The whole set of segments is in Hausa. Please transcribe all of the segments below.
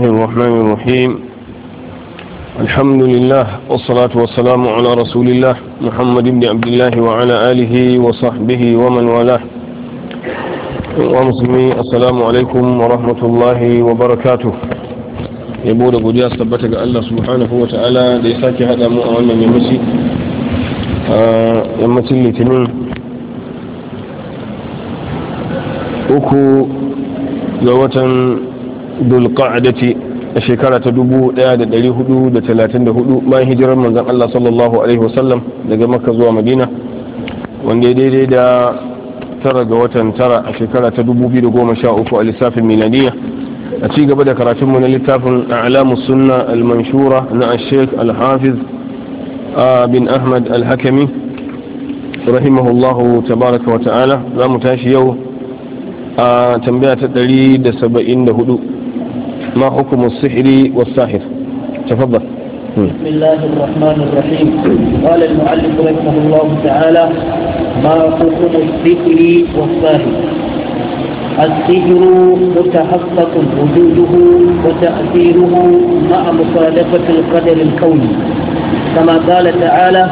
الرحمن الرحيم الحمد لله والصلاة والسلام على رسول الله محمد بن عبد الله وعلى آله وصحبه ومن والاه ومسلمي السلام عليكم ورحمة الله وبركاته يبود أبو جاس ثبتك الله سبحانه وتعالى ليساك هذا مؤمن يمسي يمسي الاثنين أكو جوة dulqa'adati a shekara ta 1434 bayan hijirar manzon Allah sallallahu alaihi wasallam daga makka zuwa madina wanda daidai da tara ga watan tara a shekara ta 2013 a lissafin miladiya a ci gaba da karatunmu na littafin a'lamu sunna al-manshura na al-sheikh al-hafiz bin ahmad al-hakami rahimahullahu tabaraka wa ta'ala za mu tashi yau a tambaya ta 174 ما حكم السحر والساحر تفضل بسم الله الرحمن الرحيم قال المعلم رحمه الله تعالى ما حكم السحر والساحر السحر متحقق وجوده وتأثيره مع مخالفة القدر الكوني كما قال تعالى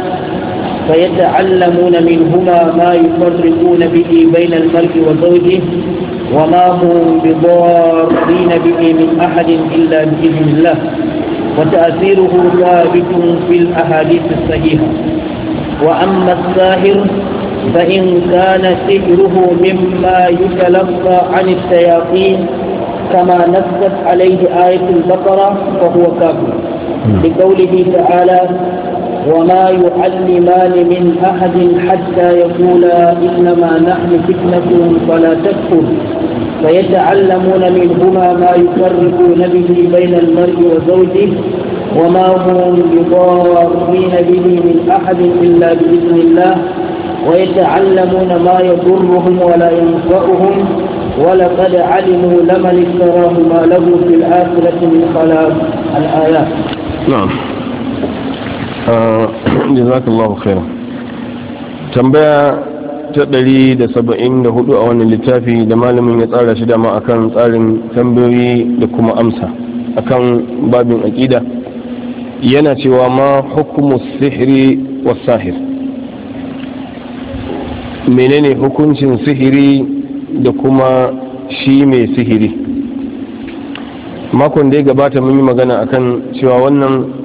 فيتعلمون منهما ما يفرقون به بين المرء وزوجه وما هم بضارين به من أحد إلا بإذن الله وتأثيره ثابت في الأحاديث الصحيحة وأما الساهر فإن كان سحره مما يتلقى عن الشياطين كما نزلت عليه آية البقرة فهو كافر نعم. لقوله تعالى وما يعلمان من أحد حتى يقولا إنما نحن فتنة فلا تكفر فيتعلمون منهما ما يفرقون به بين المرء وزوجه وما هم بضارين به من أحد إلا بإذن الله ويتعلمون ما يضرهم ولا ينفعهم ولقد علموا لمن اشتراه ما له في الآخرة من خلاف الآيات نعم آه، جزاك الله خيرا تنبيه ta ɗari da saba'in a wannan littafi da malamin ya tsara shi dama akan tsarin tambayoyi da kuma amsa akan babin aƙida yana cewa ma hukumu sihiri wa sahir menene hukuncin sihiri da kuma shi mai sihiri makon da ya gabata mun yi magana akan cewa wannan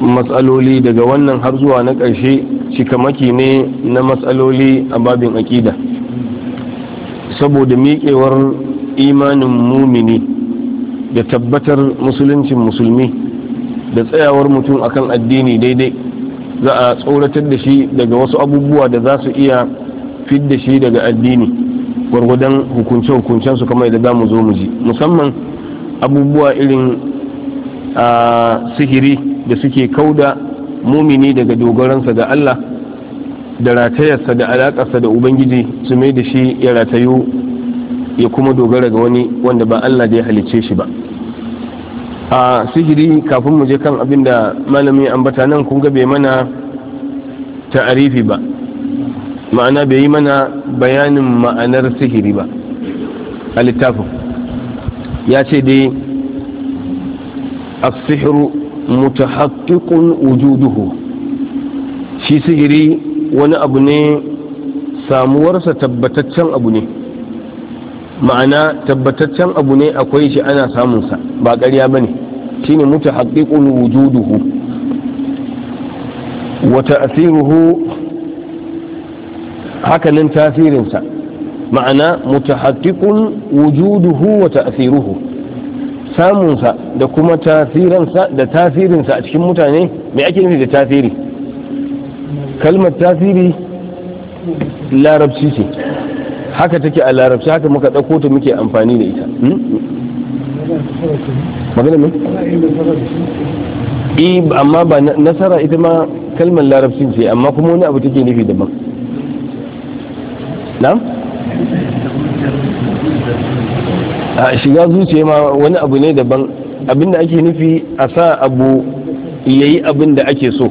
matsaloli daga wannan har zuwa na ƙarshe shikamaki ne na matsaloli a babin aƙida saboda miƙewar imanin mumini da tabbatar musuluncin musulmi da tsayawar mutum akan addini daidai za a tsoratar da shi daga wasu abubuwa da za su iya fidda shi daga addini gwargwadon hukunce-hukuncensu kamar da za mu zo mu ji musamman abubuwa irin a sihiri da suke kauda mumini daga dogaransa ga Allah da ratayarsa da alakarsa da ubangiji su mai da shi ya ratayu ya kuma dogara ga wani wanda ba Allah da ya halicce shi ba a sihiri kafin mu je kan abin da malami ambata nan kun ga bai mana ta'arifi ba ma'ana bai yi mana bayanin ma'anar sihiri ba a littafin ya ce dai a sihru mutahaqqiqun wujuduhu shi sihiri wani abu ne samuwarsa tabbataccen abu ne ma'ana tabbataccen abu ne akwai shi ana samunsa ba ƙarya ba ne shi ne mutu haƙiƙun wujuduhu wata asiruhu hakanin tasirinsa ma'ana mutu haƙiƙun wujuduhu wata asiruhu samunsa da kuma tasirinsa da tasirinsa a cikin mutane mai ake nufi da tasiri kalmar tasiri larabci ce haka take a larabci haka muka ɗauko ta muke amfani da ita hmm? magana ne? amma ba nasara ita ma kalmar larabci ce amma kuma wani abu take nufi daban na? a shiga zuciya ma wani abu ne daban abinda ake nufi a sa abu yayi abin da ake so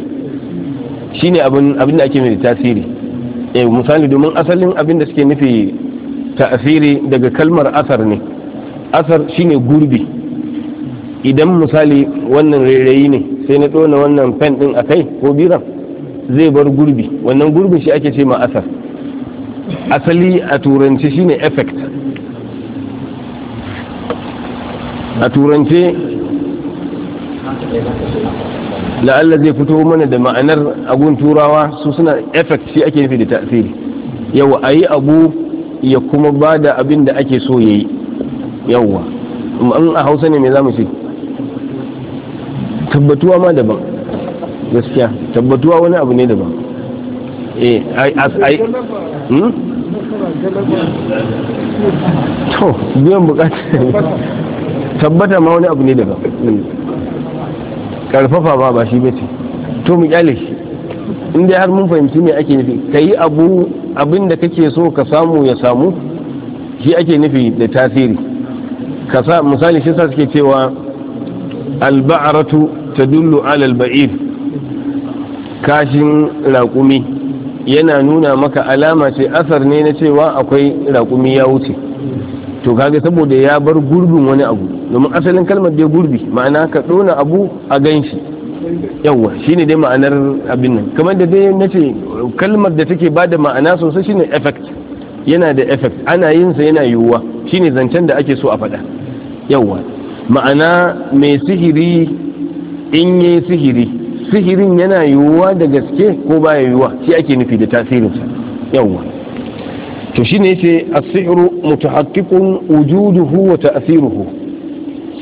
shine abin da ake mai tasiri e misali domin asalin abin da suke nufi tasiri daga kalmar asar ne asar shine gurbi idan misali wannan rairayi ne sai na tsona wannan fen din a kai ko biran zai bar gurbi wannan gurbin shi ake ce ma asar asali a turance shine effect a turance la'alla zai fito mana da ma'anar abun turawa su suna effect shi ake nufi da tasiri yawa a yi abu ya kuma ba da abin da ake so ya yi yawa in a hausa ne mai za mu ce tabbatuwa ma daban gaskiya tabbatuwa wani abu ne daban Eh, hmm? biyan bukata tabbata ma wani abu ne daga karfafa ba ba shi bace to mu kyale shi inda har mun fahimci me ake nufi yi abu abin da kake so ka samu ya samu shi ake nufi da tasiri ka sa misali shi sa suke cewa alba'aratu ta ala alalba'ir, kashin raƙumi yana nuna maka alama ce asar ne na cewa akwai raƙumi ya wuce to kaga saboda ya bar gurbin wani abu domin asalin kalmar dai gurbi ma'ana ka ɗona abu a gan shi yawwa shine dai ma'anar abin nan kamar da dai na kalmar da take ba da ma'ana sosai shine effect yana da effect ana yin sa yana yiwuwa shine zancen da ake so a faɗa yawwa ma'ana mai sihiri in yi sihiri sihirin yana yiwuwa da gaske ko baya yiwuwa shi ake nufi da tasirinsa yawwa to shine yace as-sihru mutahaqqiqun wujuduhu wa ta'siruhu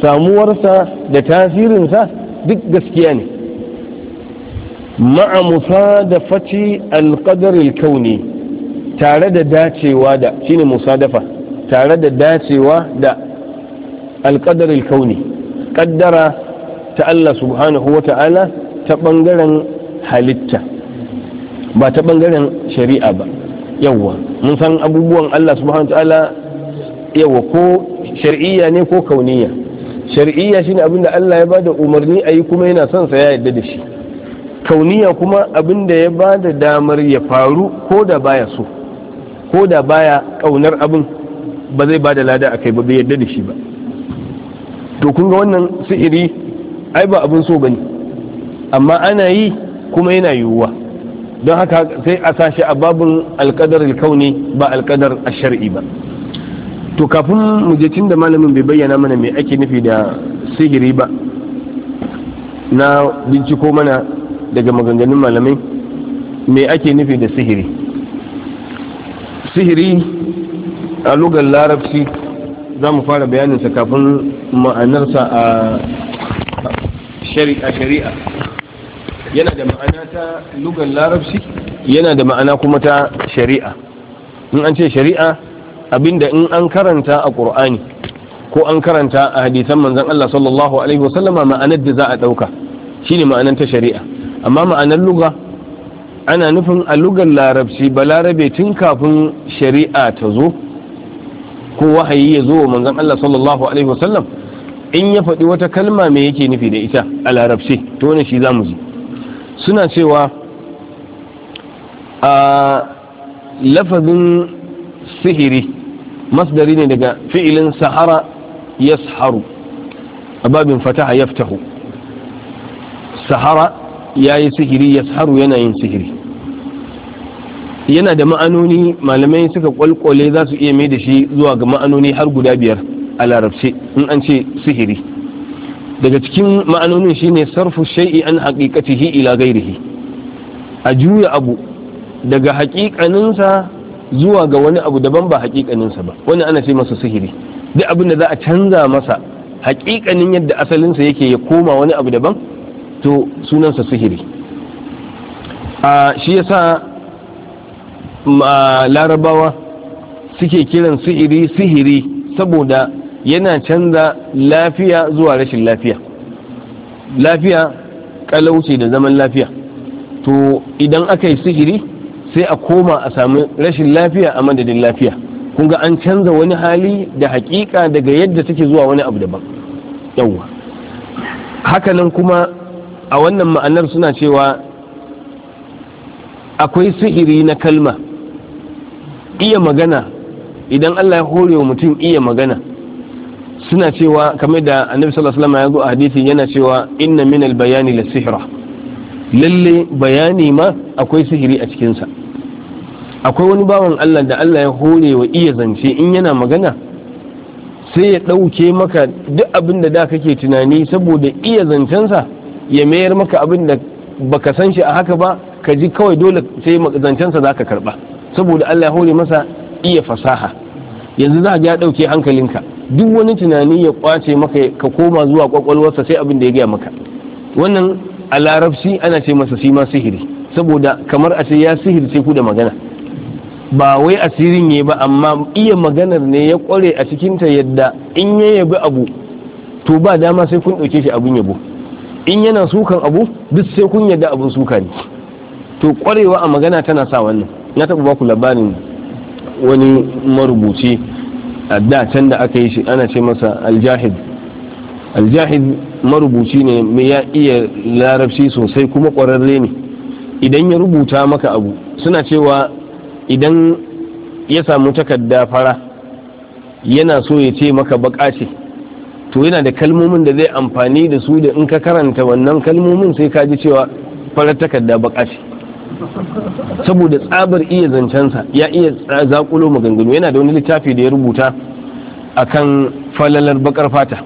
samuwarsa da tasirinsa duk gaskiya ne ma'a musadafati al-qadar al-kauni tare da dacewa da shine musadafa tare da dacewa da alƙadarin qadar al-kauni ta Allah subhanahu wa ta'ala ta ɓangaren halitta ba ta ɓangaren shari'a ba yawwa mun san abubuwan Allah subhanahu ta'ala yawwa ko shar'iyya ne ko kauniya shar'iyya shine abin da Allah ya bada umarni a yi kuma yana son sa ya yadda da shi kauniya kuma abin da ya bada damar ya faru ko da baya so ko da baya kaunar abin ba zai bada lada a kai ba bai yadda da shi ba to kun ga wannan sihiri ai ba abin so bane amma ana yi kuma yana yiwuwa don haka sai a sashi a babun alkadar alkauni ba alkadar shar'i ba to kafin mu je da malamin bai bayyana mana me ake nufi da sihiri ba na binciko mana daga maganganun malamai mai ake nufi da sihiri sihiri a lugar larabci za mu fara sa kafin ma'anarsa a shari'a yana da ma'ana ta lugan larabci yana da ma'ana kuma ta shari'a in an ce shari'a abinda in an karanta a ƙur'ani ko an karanta a hadisan manzon Allah sallallahu alaihi wasallama ma'anar da za a ɗauka shine ma'anar ta shari'a amma ma'anar luga ana nufin a lugar larabci balarabe tun kafin shari'a ta zo ko wahayi ya zo manzan manzon Allah sallallahu alaihi wasallam in ya faɗi wata kalma me yake nufi da ita a larabci to ne shi zamu ji suna cewa a lafazin sihiri masdari ne daga fi'ilin sahara saharu a babin fataha yaftahu sahara ya yi sihiri yasharu yana yin sihiri yana da ma'anoni malamai suka kwalkwale za su iya mai da shi zuwa ga ma'anoni har guda biyar a larabce in an ce sihiri daga cikin ma'anonin shine sarfu shay'i an haqiqatihi ila ghairihi a juya abu daga haƙiƙaninsa zuwa ga wani abu daban ba haƙiƙaninsa ba wani ana ce masa sihiri duk abin da za a canza masa haƙiƙanin yadda asalinsa yake ya koma wani abu daban to sunansa sihiri a shi yasa larabawa suke kiran sihiri sihiri saboda yana canza lafiya zuwa rashin lafiya lafiya kalauce da zaman lafiya to idan aka yi sihiri sai a koma a sami rashin lafiya a madadin lafiya kun ga an canza wani hali da hakika daga yadda take zuwa wani abu daban yawwa hakanan kuma a wannan ma'anar suna cewa akwai sihiri na kalma iya magana idan allah ya hore wa mutum iya magana suna cewa kamar da annabi sallallahu alaihi wasallam ya zo a hadisi yana cewa inna min albayani bayani da sihira. lalle bayani ma akwai sihiri a cikin sa akwai wani bawan Allah da Allah ya hore wa iya zance in yana magana sai ya dauke maka duk abin da da kake tunani saboda iya zancensa ya mayar maka abin da baka san shi a haka ba ka ji kawai dole sai zancensa za ka karba. saboda Allah ya hore masa iya fasaha yanzu za ya ɗauke hankalinka duk wani tunani ya kwace maka ka koma zuwa kwakwalwarsa sai abin da ya gaya maka wannan a larabci ana ce masa sima sihiri saboda kamar a ce ya sihirce ku da magana ba wai asirin ne ba amma iya maganar ne ya kware a cikinta yadda in ya yabi abu to ba dama sai kun ɗauke shi abin yabo in yana sukan abu duk sai kun yadda abun suka ne to kwarewa a magana tana sa wannan na taɓa ku labarin wani marubuci da can da aka yi shi ana ce masa aljahid aljahid marubuci ne mai ya iya larabci sosai kuma ƙwararre ne idan ya rubuta maka abu suna cewa idan ya samu takarda fara yana so ya ce maka baka ce to yana da kalmomin da zai amfani da su da in ka karanta wannan kalmomin sai ka ji cewa farar takarda baka ce saboda tsabar iya zancensa ya iya zakulo maganganu yana da wani littafi da ya rubuta akan falalar bakar fata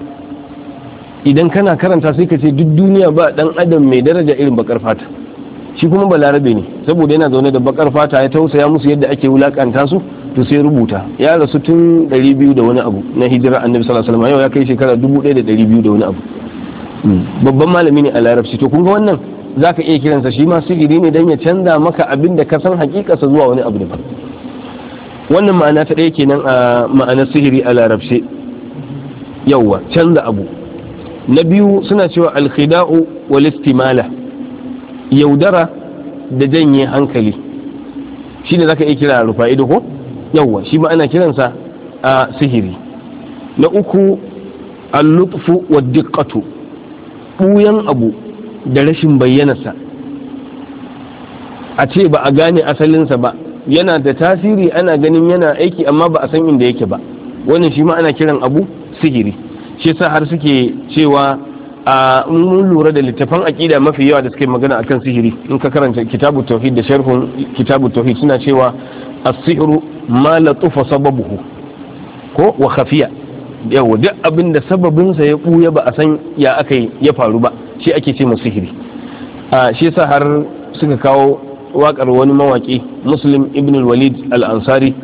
idan kana karanta sai ka ce duk duniya ba dan adam mai daraja irin bakar fata shi kuma balarabe ne saboda yana zaune da bakar fata ya tausaya musu yadda ake wulakanta su to sai rubuta ya rasu tun 200 da wani abu na hijira annabi sallallahu alaihi yau ya kai shekara 1200 da wani abu hmm. babban malami ne a larabci to kun ga wannan za ka iya kiransa shi ma sigiri ne don ya canza maka abin da ka san hakikarsa zuwa wani abu daban wannan ma'ana ta ɗaya kenan a ma'anar sihiri a larabce yawwa canza abu na biyu suna cewa alkhida'u wal istimala yaudara da janye hankali shi ne ka iya kira rufa ido ko yawwa shi ma ana kiransa a sihiri na uku al-lutfu wa diqqatu buyan abu da rashin bayyanarsa a ce ba a gane asalinsa ba yana da tasiri ana ganin yana aiki amma ba a san inda yake ba wannan shi ma ana kiran abu sihiri shi sa har suke cewa a mun lura da littafan aƙida mafi yawa da suke magana akan sihiri in ka karanta kitabu tauhid da sharhun kitabu tauhid suna cewa as-sihru ma latufa sababuhu ko wa khafiya yau duk abin da sababinsa ya ɓuya ba a san ya aka ya faru ba shi ake ce masu sihiri a shi sa har suka kawo waƙar wani mawaƙi muslim ibn walid al-ansari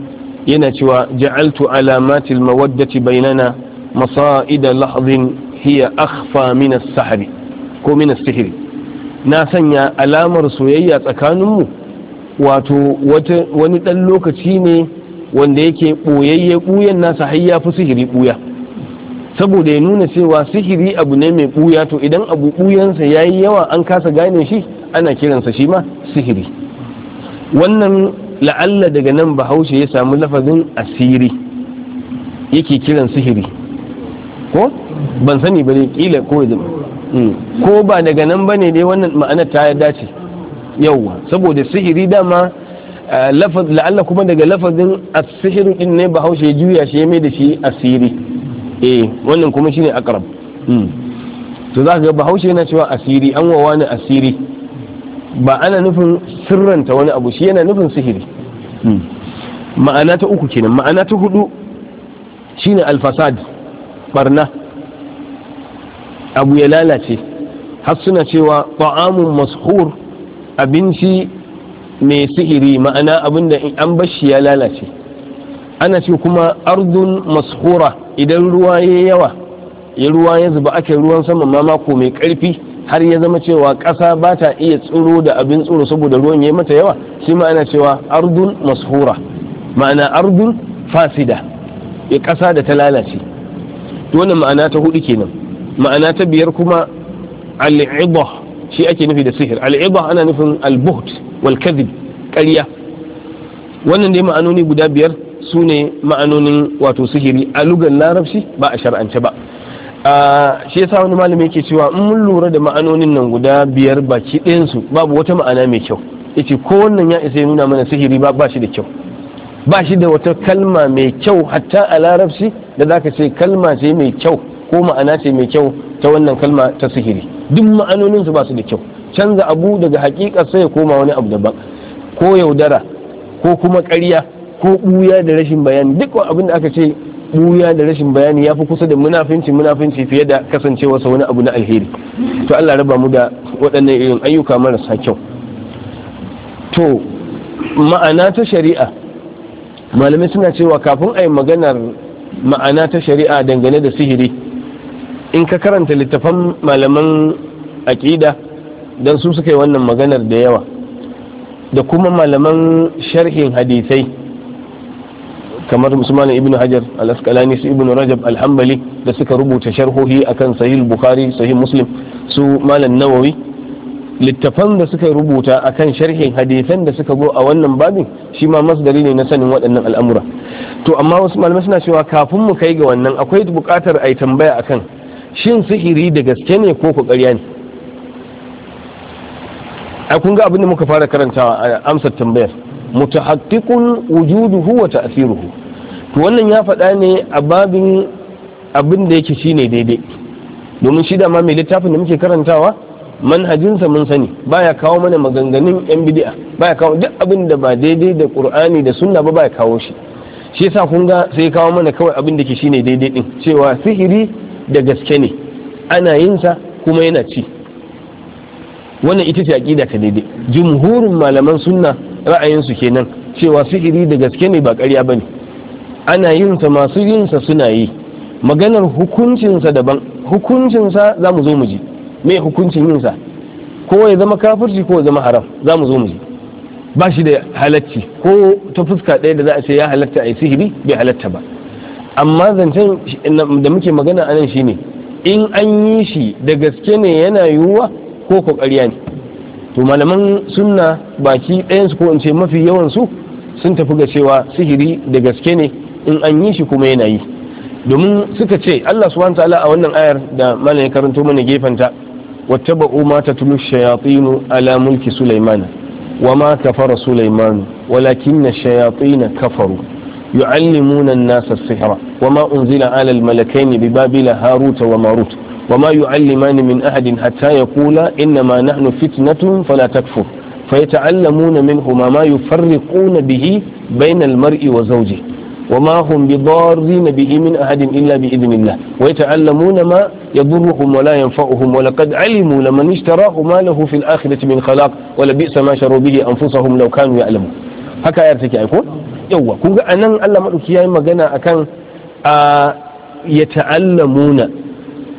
yana cewa ja'altu alamatil mawaddati bainana masa'ida lahdin hiya akhfa min as-sahri ko min as-sihri na sanya alamar soyayya tsakaninmu wato wani dan lokaci ne wanda yake boyayye ɓuyan nasa har ya fi sihiri ɓuya saboda ya nuna cewa sihiri abu ne mai buya to idan abu buyansa ya yi yawa an kasa gane shi ana kiransa shi ma sihiri wannan la'alla daga nan bahaushe ya samu lafazin asiri yake kiran sihiri ko ban sani ba dai kila ko zama hmm. ko ba daga nan ba ne dai wannan ma'anar ta dace yauwa saboda sihiri dama eh, la'alla kuma daga lafazin asirin din ne bahaushe ya juya shi ya mai da shi asiri eh wannan kuma shine akrab hmm. to za ga bahaushe yana cewa asiri an wa wani asiri ba ana nufin sirranta wani abu shi yana nufin sihiri hmm. ma'ana ta uku kenan ma'ana ta hudu shine alfasad barna abu ya lalace har suna cewa ta'amun mashur abinci mai sihiri ma'ana abinda an bashi ya lalace ana ce kuma ardun mashura idan ruwa ya yawa ya ruwa ya zuba ake ruwan sama ma mako mai karfi har ya zama cewa ƙasa ba ta iya tsuro da abin tsoro saboda ruwan ya yi mata yawa shi ma ana cewa ardun mashura ma'ana ardun fasida ya ƙasa da ta lalace wannan ma'ana ta hudu kenan ma'ana ta biyar kuma al'ibah shi ake nufi da sihir al'ibah ana nufin al-buht wal kadhib ƙarya wannan dai ma'anoni guda biyar su ne ma'anonin wato sihiri a lugan larabci ba a shar'ance ba shi yasa wani malami yake cewa in mun lura da ma'anonin nan guda biyar baki ɗayansu babu wata ma'ana mai kyau yace ko wannan ya isa ya nuna mana sihiri ba ba shi da kyau ba shi da wata kalma mai kyau hatta a larabci da zaka ce kalma ce mai kyau ko ma'ana ce mai kyau ta wannan kalma ta sihiri duk ma'anonin su ba su da kyau canza abu daga hakikar sai ya koma wani abu daban ko yaudara ko kuma ƙarya ko ɓuya da rashin bayani duk abin da aka ce ɓuya da rashin bayani ya fi kusa da munafinci munafinci fiye da kasancewarsa wani abu na alheri to Allah raba mu da waɗannan irin ayyuka marasa kyau to ma'ana ta shari'a malamai suna cewa kafin a yi maganar ma'ana ta shari'a dangane da sihiri in ka karanta littafan malaman aƙida don su suka yi wannan maganar da yawa da kuma malaman sharhin hadisai kamar musamman ibn hajar al-asqalani su ibn rajab al-hanbali da suka rubuta sharhohi akan sahih bukhari sahih muslim su malam nawawi littafan da suka rubuta akan sharhin hadisan da suka zo a wannan babin shi ma masdari ne na sanin waɗannan al'amura to amma wasu malamai suna cewa kafin mu kai ga wannan akwai buƙatar a yi tambaya akan shin sihiri da gaske ne ko ku ƙarya ne ai kun ga abin da muka fara karantawa a amsar tambayar mutahaqqiqun wujuduhu wa ta'thiruhu to wannan ya faɗa ne a babin abin da yake shine daidai domin shi da ma mai littafin da muke karantawa manhajinsa mun sani baya kawo mana maganganun yan bid'a baya kawo duk abin da ba daidai da qur'ani da sunna ba baya kawo shi shi yasa kun ga sai kawo mana kawai abin da ke shine daidai din cewa sihiri da gaske ne ana yin sa kuma yana ci wannan ita ce aqida ta daidai jumhurin malaman sunna ra'ayinsu kenan cewa sihiri da gaske ne ba ƙarya ne. ana yin sa masu yin sa suna yi maganar hukuncin sa daban sa za mu zo mu ji me hukuncin yin sa ko ya zama kafirci ko ya zama haram za mu zo mu ji ba shi da halacci ko ta fuska ɗaya da za a ce ya halatta a yi sihiri bai halatta ba amma zancen da muke magana anan shi shine in an yi shi da gaske ne yana yiwuwa ko ko ƙarya ne to malaman sunna baki ɗayansu ko in ce mafi yawan su sun tafi ga cewa sihiri da gaske ne in an yi shi kuma yana yi domin suka ce Allah subhanahu ta'ala a wannan ayar da mana ya karanto mana gefanta wattaba'u ma tatlu shayatin ala mulki sulaiman wa ma kafara sulaiman walakinna shayatin kafaru yu'allimuna an-nasa as-sihra wa ma unzila ala al-malakaini bi babila haruta wa marut وما يعلمان من أحد حتى يقولا إنما نحن فتنة فلا تكفر فيتعلمون منهما ما يفرقون به بين المرء وزوجه وما هم بضارين به من أحد إلا بإذن الله ويتعلمون ما يضرهم ولا ينفعهم ولقد علموا لمن اشتراه ما له في الآخرة من خلاق ولبئس ما شروا به أنفسهم لو كانوا يعلمون haka ya take aiko yawwa kun ga anan Allah madauki yayi magana akan a ya ta'allamuna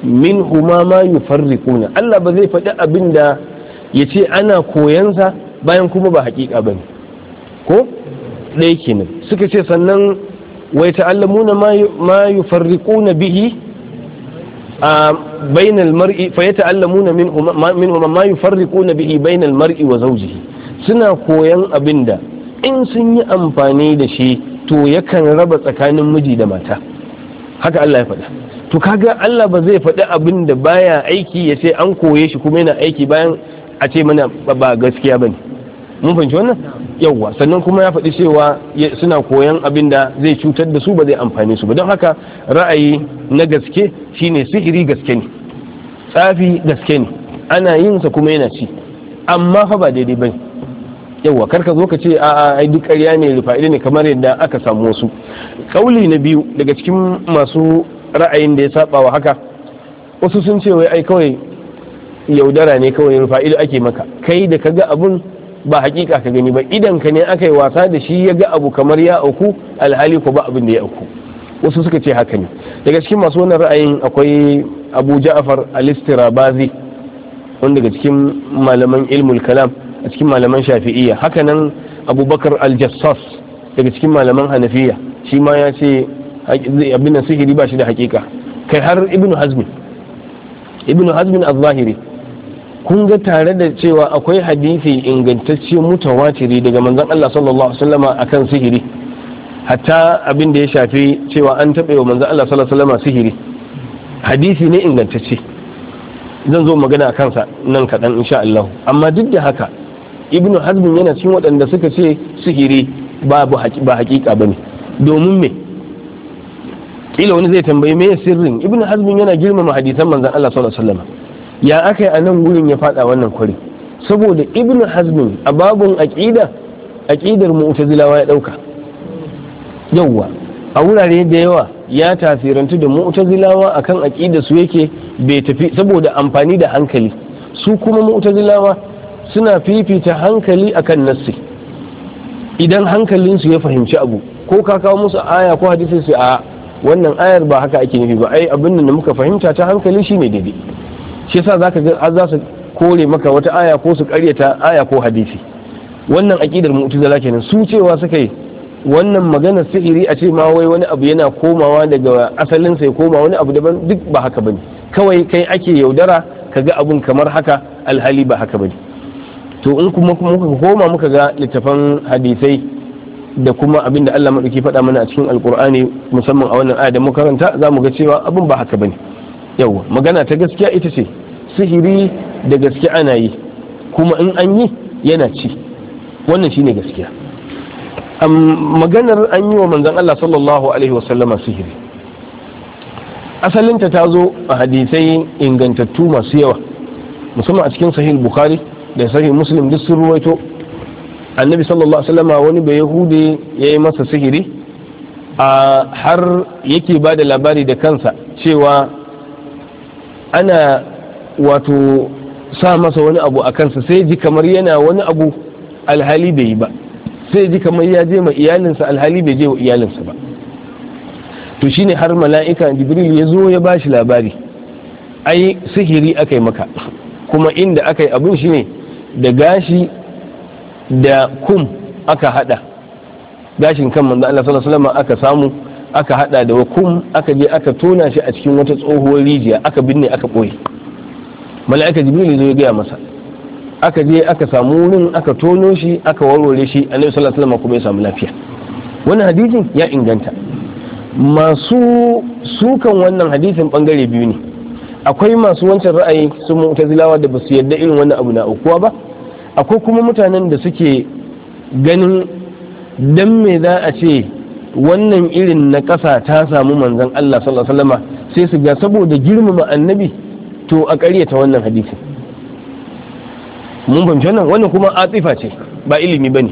min huma ma yufarriquna Allah ba zai faɗi abin da ya ce ana koyansa bayan kuma ba haƙiƙa ba ne ko ɗaya kenan suka ce sannan wai ta'allamuna ma yufarriquna bihi a bainal mar'i fa ta'allamuna min huma ma yufarriquna bihi bainal mar'i wa zawjihi suna koyan abin da in sun yi amfani da shi to yakan raba tsakanin miji da mata haka Allah ya faɗa to kaga Allah ba zai faɗi abin da baya aiki ya ce an koye shi kuma yana aiki bayan a ce mana ba gaskiya bane mun fahimci wannan yawwa sannan kuma ya faɗi cewa suna koyan abin da zai cutar da su ba zai amfani su ba don haka ra'ayi na gaske shine sihiri gaske ne tsafi gaske ne ana yin sa kuma yana ci amma fa ba daidai bane yawwa karka zo ka ce a ai duk ƙarya ne rufa ne kamar yadda aka samu wasu kauli na biyu daga cikin masu ra'ayin da ya saba wa haka wasu sun ce wai ai kawai yaudara ne kawai rufa ake maka kai da ka ga abun ba hakika ka gani ba idan ka ne aka yi wasa da shi ya ga abu kamar ya auku alhali ko ba abin da ya auku wasu suka ce haka ne daga cikin masu wannan ra'ayin akwai abu ja'afar al wanda daga cikin malaman ilmul kalam a cikin malaman shafi'iyya hakanan abubakar aljassas daga cikin malaman hanafiya shi ma ya ce abin sihiri ba shi da hakika kai har ibn hazmin ibn hazmin al zahiri kun ga tare da cewa akwai hadisi ingantacce mutawatiri daga manzon Allah sallallahu alaihi wasallama akan sihiri hatta abin da ya shafi cewa an taɓa wa manzon Allah sallallahu alaihi wasallama sihiri hadisi ne ingantacce zan zo magana kansa nan kaɗan insha Allah amma duk da haka ibnu hazmin yana cikin waɗanda suka ce sihiri ba hakika bane domin me kila wani zai tambayi me sirrin ibn hazmin yana girmama hadisan manzon Allah sallallahu alaihi wasallam ya akai a nan gurin ya fada wannan kwari saboda ibn hazmin a babun aqida aqidar mu'tazilawa ya dauka yawa a wurare da yawa ya tasirantu da mu'tazilawa akan aqida su yake bai tafi saboda amfani da hankali su kuma mu'tazilawa suna fifita hankali akan nassi idan hankalinsu ya fahimci abu ko ka kawo musu aya ko hadisi su a wannan ayar ba haka ake nufi ba ai abin da muka fahimta ta hankali shine daidai shi yasa zaka ga har za su kore maka wata aya ko su karyata aya ko hadisi wannan aqidar mu'tazila kenan su cewa suka yi wannan magana sihiri a ce ma wai wani abu yana komawa daga asalin sai koma wani abu daban duk ba haka bane kawai kai ake yaudara ka ga abun kamar haka alhali ba haka bane to in kuma muka koma muka ga littafan hadisai da kuma abin da Allah maɗauki faɗa mana a cikin alkur'ani musamman a wannan aya da makaranta za mu ga cewa abin ba haka bane yawa magana ta gaskiya ita ce sihiri da gaskiya ana yi kuma in an yi yana ci wannan shine gaskiya maganar an yi wa manzon Allah sallallahu alaihi wasallama sihiri asalinta ta zo a hadisai ingantattu masu yawa musamman a cikin sahih bukhari da sahih muslim duk sun ruwaito annabi sallallahu alaihi wasallama wani bai yahudi ya yi masa sihiri a har yake ba da labari da kansa cewa ana wato sa masa wani abu a kansa sai ji kamar yana wani abu alhali bai yi ba sai ji kamar ya je ma iyalinsa alhali bai je wa iyalinsa ba to shine har mala'ika jibril ya zo ya bashi labari ai sihiri aka maka kuma inda aka yi abin shine da gashi da kum aka hada gashin kan manzo Allah sallallahu alaihi aka samu aka hada da kum aka je aka tona shi a cikin wata tsohuwar rijiya aka binne aka boye mala'ika jibril zo ya gaya masa aka je aka samu wurin aka tono shi aka warware shi annabi sallallahu alaihi kuma ya samu lafiya wannan hadisin ya inganta masu sukan wannan hadisin bangare biyu ne akwai masu wancan ra'ayi su mu'tazilawa da basu yarda irin wannan abu na ukuwa ba akwai kuma mutanen da suke ganin dan me za a ce wannan irin na ƙasa ta samu manzon Allah sallallahu sai su ga saboda girmama annabi to a ƙaryata wannan hadisi mun fahimci wannan wannan kuma atifa ce ba ilimi bane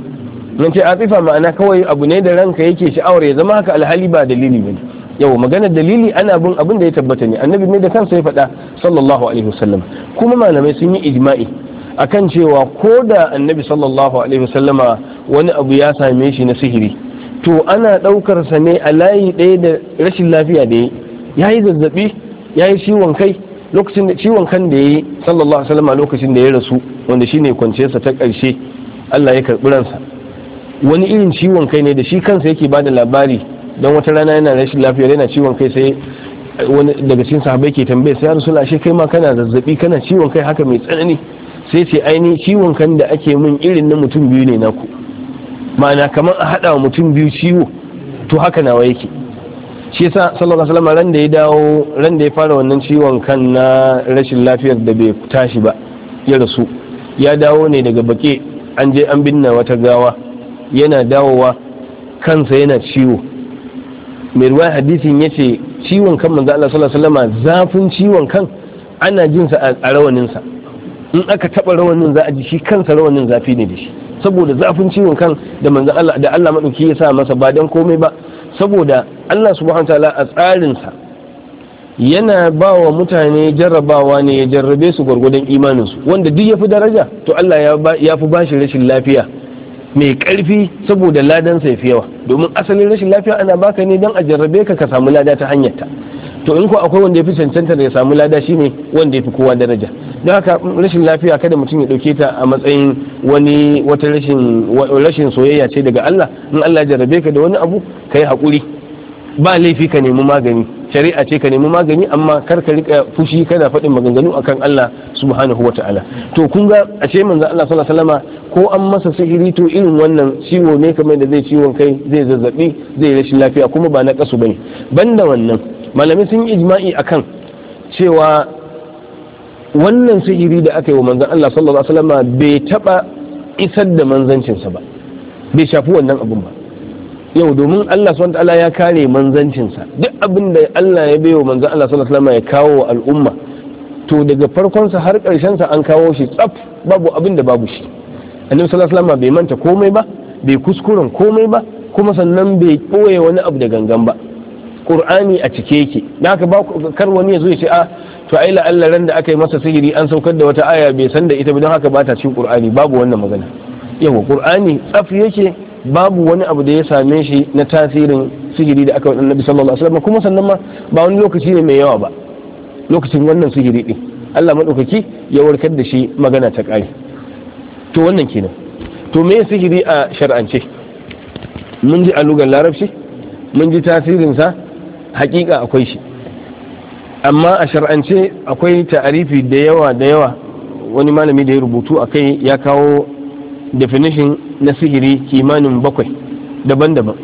nan ce atifa ma'ana kawai abu ne da ranka yake sha'awar ya zama haka alhali ba dalili bane yau magana dalili ana bin abin da ya tabbata ne annabi ne da kansa ya faɗa sallallahu alaihi wasallam kuma malamai sun yi ijma'i akan cewa ko da annabi sallallahu alaihi wasallama wani abu ya same shi na sihiri to ana ɗaukar sa ne a layi ɗaya da rashin lafiya da ya yi zazzabi ya yi ciwon kai lokacin da ciwon kan da ya yi sallallahu alaihi wasallama lokacin da ya rasu wanda shine kwanciyarsa ta ƙarshe Allah ya karɓi ransa wani irin ciwon kai ne da shi kansa yake bada labari don wata rana yana rashin lafiya yana ciwon kai sai wani daga cikin sahabbai ke tambaye sai ya rasu kai ma kana zazzabi kana ciwon kai haka mai tsanani sai ce aini ciwon kan da ake min irin na mutum biyu ne naku ma'ana kamar a haɗa mutum biyu ciwo to haka nawa yake shi yasa sallallahu alaihi wasallam randa da ya dawo ran ya fara wannan ciwon kan na rashin lafiyar da bai tashi ba ya rasu ya dawo ne daga bake an je an binna wata gawa yana dawowa kansa yana ciwo mai ruwa hadisin ya ce ciwon kan manzo Allah sallallahu alaihi zafin ciwon kan ana jinsa a rawaninsa in aka taɓa rawanin za a ji shi kansa rawanin zafi ne da shi saboda zafin ciwon kan da manzan Allah da Allah maɗauki ya sa masa ba dan komai ba saboda Allah subhanahu ta'ala a tsarinsa yana ba wa mutane jarrabawa ne ya jarrabe su gwargwadon imaninsu wanda duk ya fi daraja to Allah ya fi bashi rashin lafiya mai karfi saboda ladansa ya fi yawa domin asalin rashin lafiya ana baka ne don a jarrabe ka ka samu lada ta hanyarta to in ko akwai wanda ya fi cancanta da ya samu lada shine wanda ya fi kowa daraja don haka mm, rashin lafiya kada mutum ya ɗauke ta a matsayin wani wata rashin soyayya ce daga Allah in Allah jarrabe ka da wani abu ka yi haƙuri ba laifi ka nemi magani shari'a ce ka nemi magani amma kar ka rika fushi kada faɗin maganganu akan Allah subhanahu wata'ala to kun ga a ce manzo Allah sallallahu alaihi ko an masa sihiri to irin wannan ciwo ne kamar da zai ciwon kai zai zazzabi zai rashin lafiya kuma ba na kasu bane banda wannan malamai sun yi ijma'i akan cewa wannan sihiri da aka yi wa manzan Allah sallallahu alaihi wasallam bai taba isar da manzancinsa ba bai shafi wannan abin ba yau domin Allah subhanahu ta'ala ya kare manzancinsa duk abin da Allah ya bai wa manzan Allah sallallahu alaihi wasallam ya kawo wa al'umma to daga farkonsa har karshen sa an kawo shi tsaf babu abin da babu shi annabi sallallahu alaihi wasallam bai manta komai ba bai kuskuren komai ba kuma sannan bai ɓoye wani abu da gangan ba ƙur'ani a cike yake da haka kar wani ya zo ya ce a ah, to ai la'alla ran da aka yi masa sihiri an saukar da wata aya bai san da ita ba don haka ba ta cikin qur'ani babu wannan magana yawa qur'ani tsaf yake babu wani abu da ya same shi na tasirin sihiri da aka wa annabi sallallahu alaihi wasallam kuma sannan ma ba wani lokaci ne mai yawa ba lokacin wannan sihiri din Allah madaukaki ya warkar da shi magana ta kare to wannan kenan to me sihiri a shar'ance mun ji a lugar larabci mun ji tasirin sa hakika akwai shi amma a shar'ance akwai ta'arifi da yawa da yawa wani malami da ya rubutu a kai ya kawo definition na sihiri kimanin bakwai daban-daban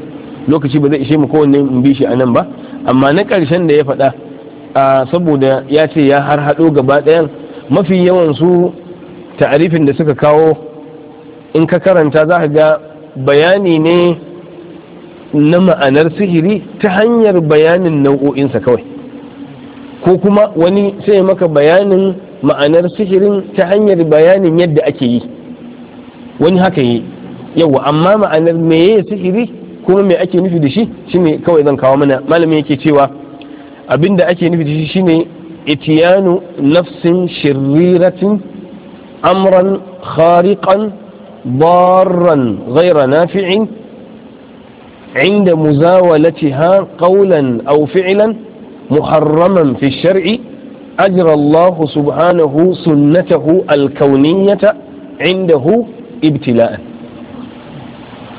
lokaci ba zai ishe mu kowanne in bi shi a nan ba amma na karshen da ya faɗa saboda ya ce ya har haɗo gaba ɗayan mafi yawan su ta'arifin da suka kawo in ka karanta za ka ga bayani ne na ma'anar sihiri ta hanyar bayanin nau'o'insa kawai ko kuma wani sai maka bayanin ma'anar sihirin ta hanyar bayanin yadda ake yi wani haka yi yawa amma ma'anar meye sihiri kuma me ake nufi da shi shine kawai zan kawo mana malamin yake cewa abinda ake nufi da shi shine itiyanu nafsin shiriratin amran khariqan ضارا غير inda muzawala مزاولتها قولا au فعلا محرما في الشرع أجرى الله سبحانه سنته الكونية عنده ابتلاء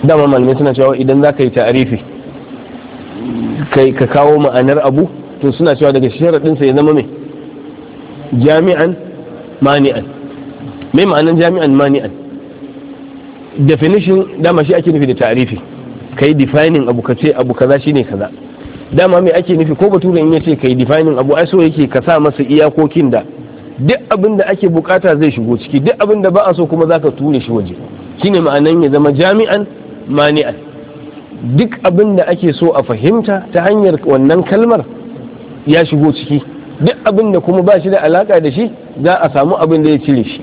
ma malamai suna cewa idan za ka yi ta'arifi kai ka kawo ma'anar abu to suna cewa daga sharaɗinsa ya zama mai jami'an mani'an mai ma'anar jami'an mani'an definition da ma shi ake nufi da ta'arifi kai yi defining abu ka ce abu kaza shine kaza dama mai ake nufi ko bature in ya ce kai defining abu ai so yake ka sa masa iyakokin da duk abin da ake bukata zai shigo ciki duk abin da ba a so kuma zaka ture shi waje shine ma'anan ya zama jami'an mani'an duk abin da ake so a fahimta ta hanyar wannan kalmar ya shigo ciki duk abin da kuma ba shi da alaka da shi za a samu abin da ya cire shi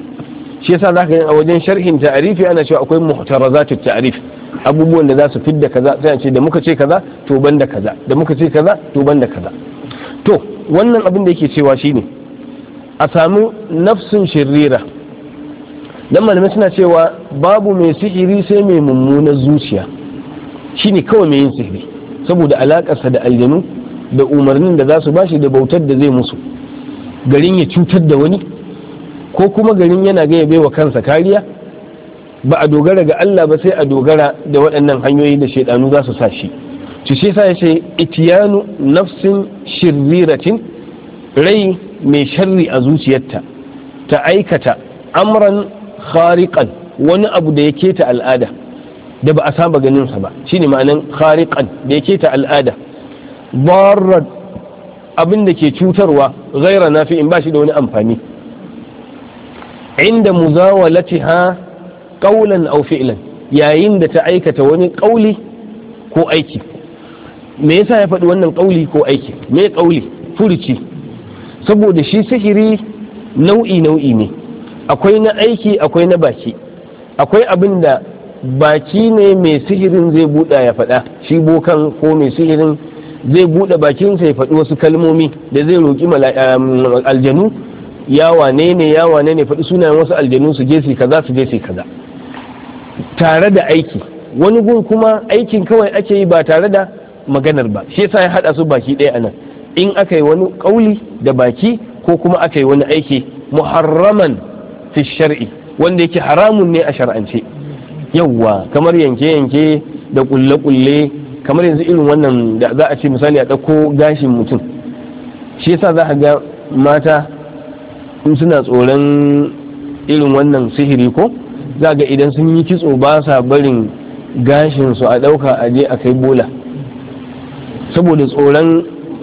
shi yasa zaka yi a wajen sharhin ta'arifi ana cewa akwai muhtarazatut ta'arifi. abubuwan da za su fidda kaza sai ce da muka ce kaza to ban da kaza da muka ce kaza to ban da kaza to wannan abin da yake cewa shine a samu nafsin shirira dan malamai suna cewa babu mai sihiri sai mai mummunar zuciya shine kawai mai yin sihiri saboda alakarsa da aljanu da umarnin da za su bashi da bautar da zai musu garin ya cutar da wani ko kuma garin yana gaya baiwa kansa kariya ba a dogara ga Allah ba sai a dogara da waɗannan hanyoyi da shaidanu za su sa shi ci shi sa yace itiyanu nafsin shiriratin rai mai sharri a zuciyarta ta aikata amran khariqan wani abu da ya keta al'ada da ba a saba ganin sa ba shine ma'anan khariqan da ya ta al'ada barrad abin da ke cutarwa nafi in ba shi da wani amfani inda muzawalatiha Ƙaulan au fi'lan yayin da ta aikata wani kauli ko aiki me yasa ya faɗi wannan kauli ko aiki me kauli furuci saboda shi sihiri nau'i nau'i ne akwai na aiki akwai na baki akwai abin da baki ne mai sihirin zai buɗa ya faɗa shi bokan ko mai sihirin zai buɗe bakinsa ya faɗi wasu kalmomi da zai roƙi aljanu ya wane ne ya wane ne faɗi sunayen wasu aljanu su je su kaza su je su kaza tare da aiki wani gun kuma aikin kawai ake yi ba tare da maganar ba shi yasa ya haɗa su baki ɗaya anan in aka yi wani ƙauli da baki ko kuma aka yi wani aiki muharraman fi shar'i wanda yake haramun ne a shar'ance yawwa kamar yanke-yanke da kulle-kulle kamar yanzu irin wannan da za a ce misali a ɗauko gashin mutum shi yasa za a ga mata in suna tsoron irin wannan sihiri ko za ga idan sun yi kitso ba sa barin gashin su a ɗauka a je a kai bola saboda tsoron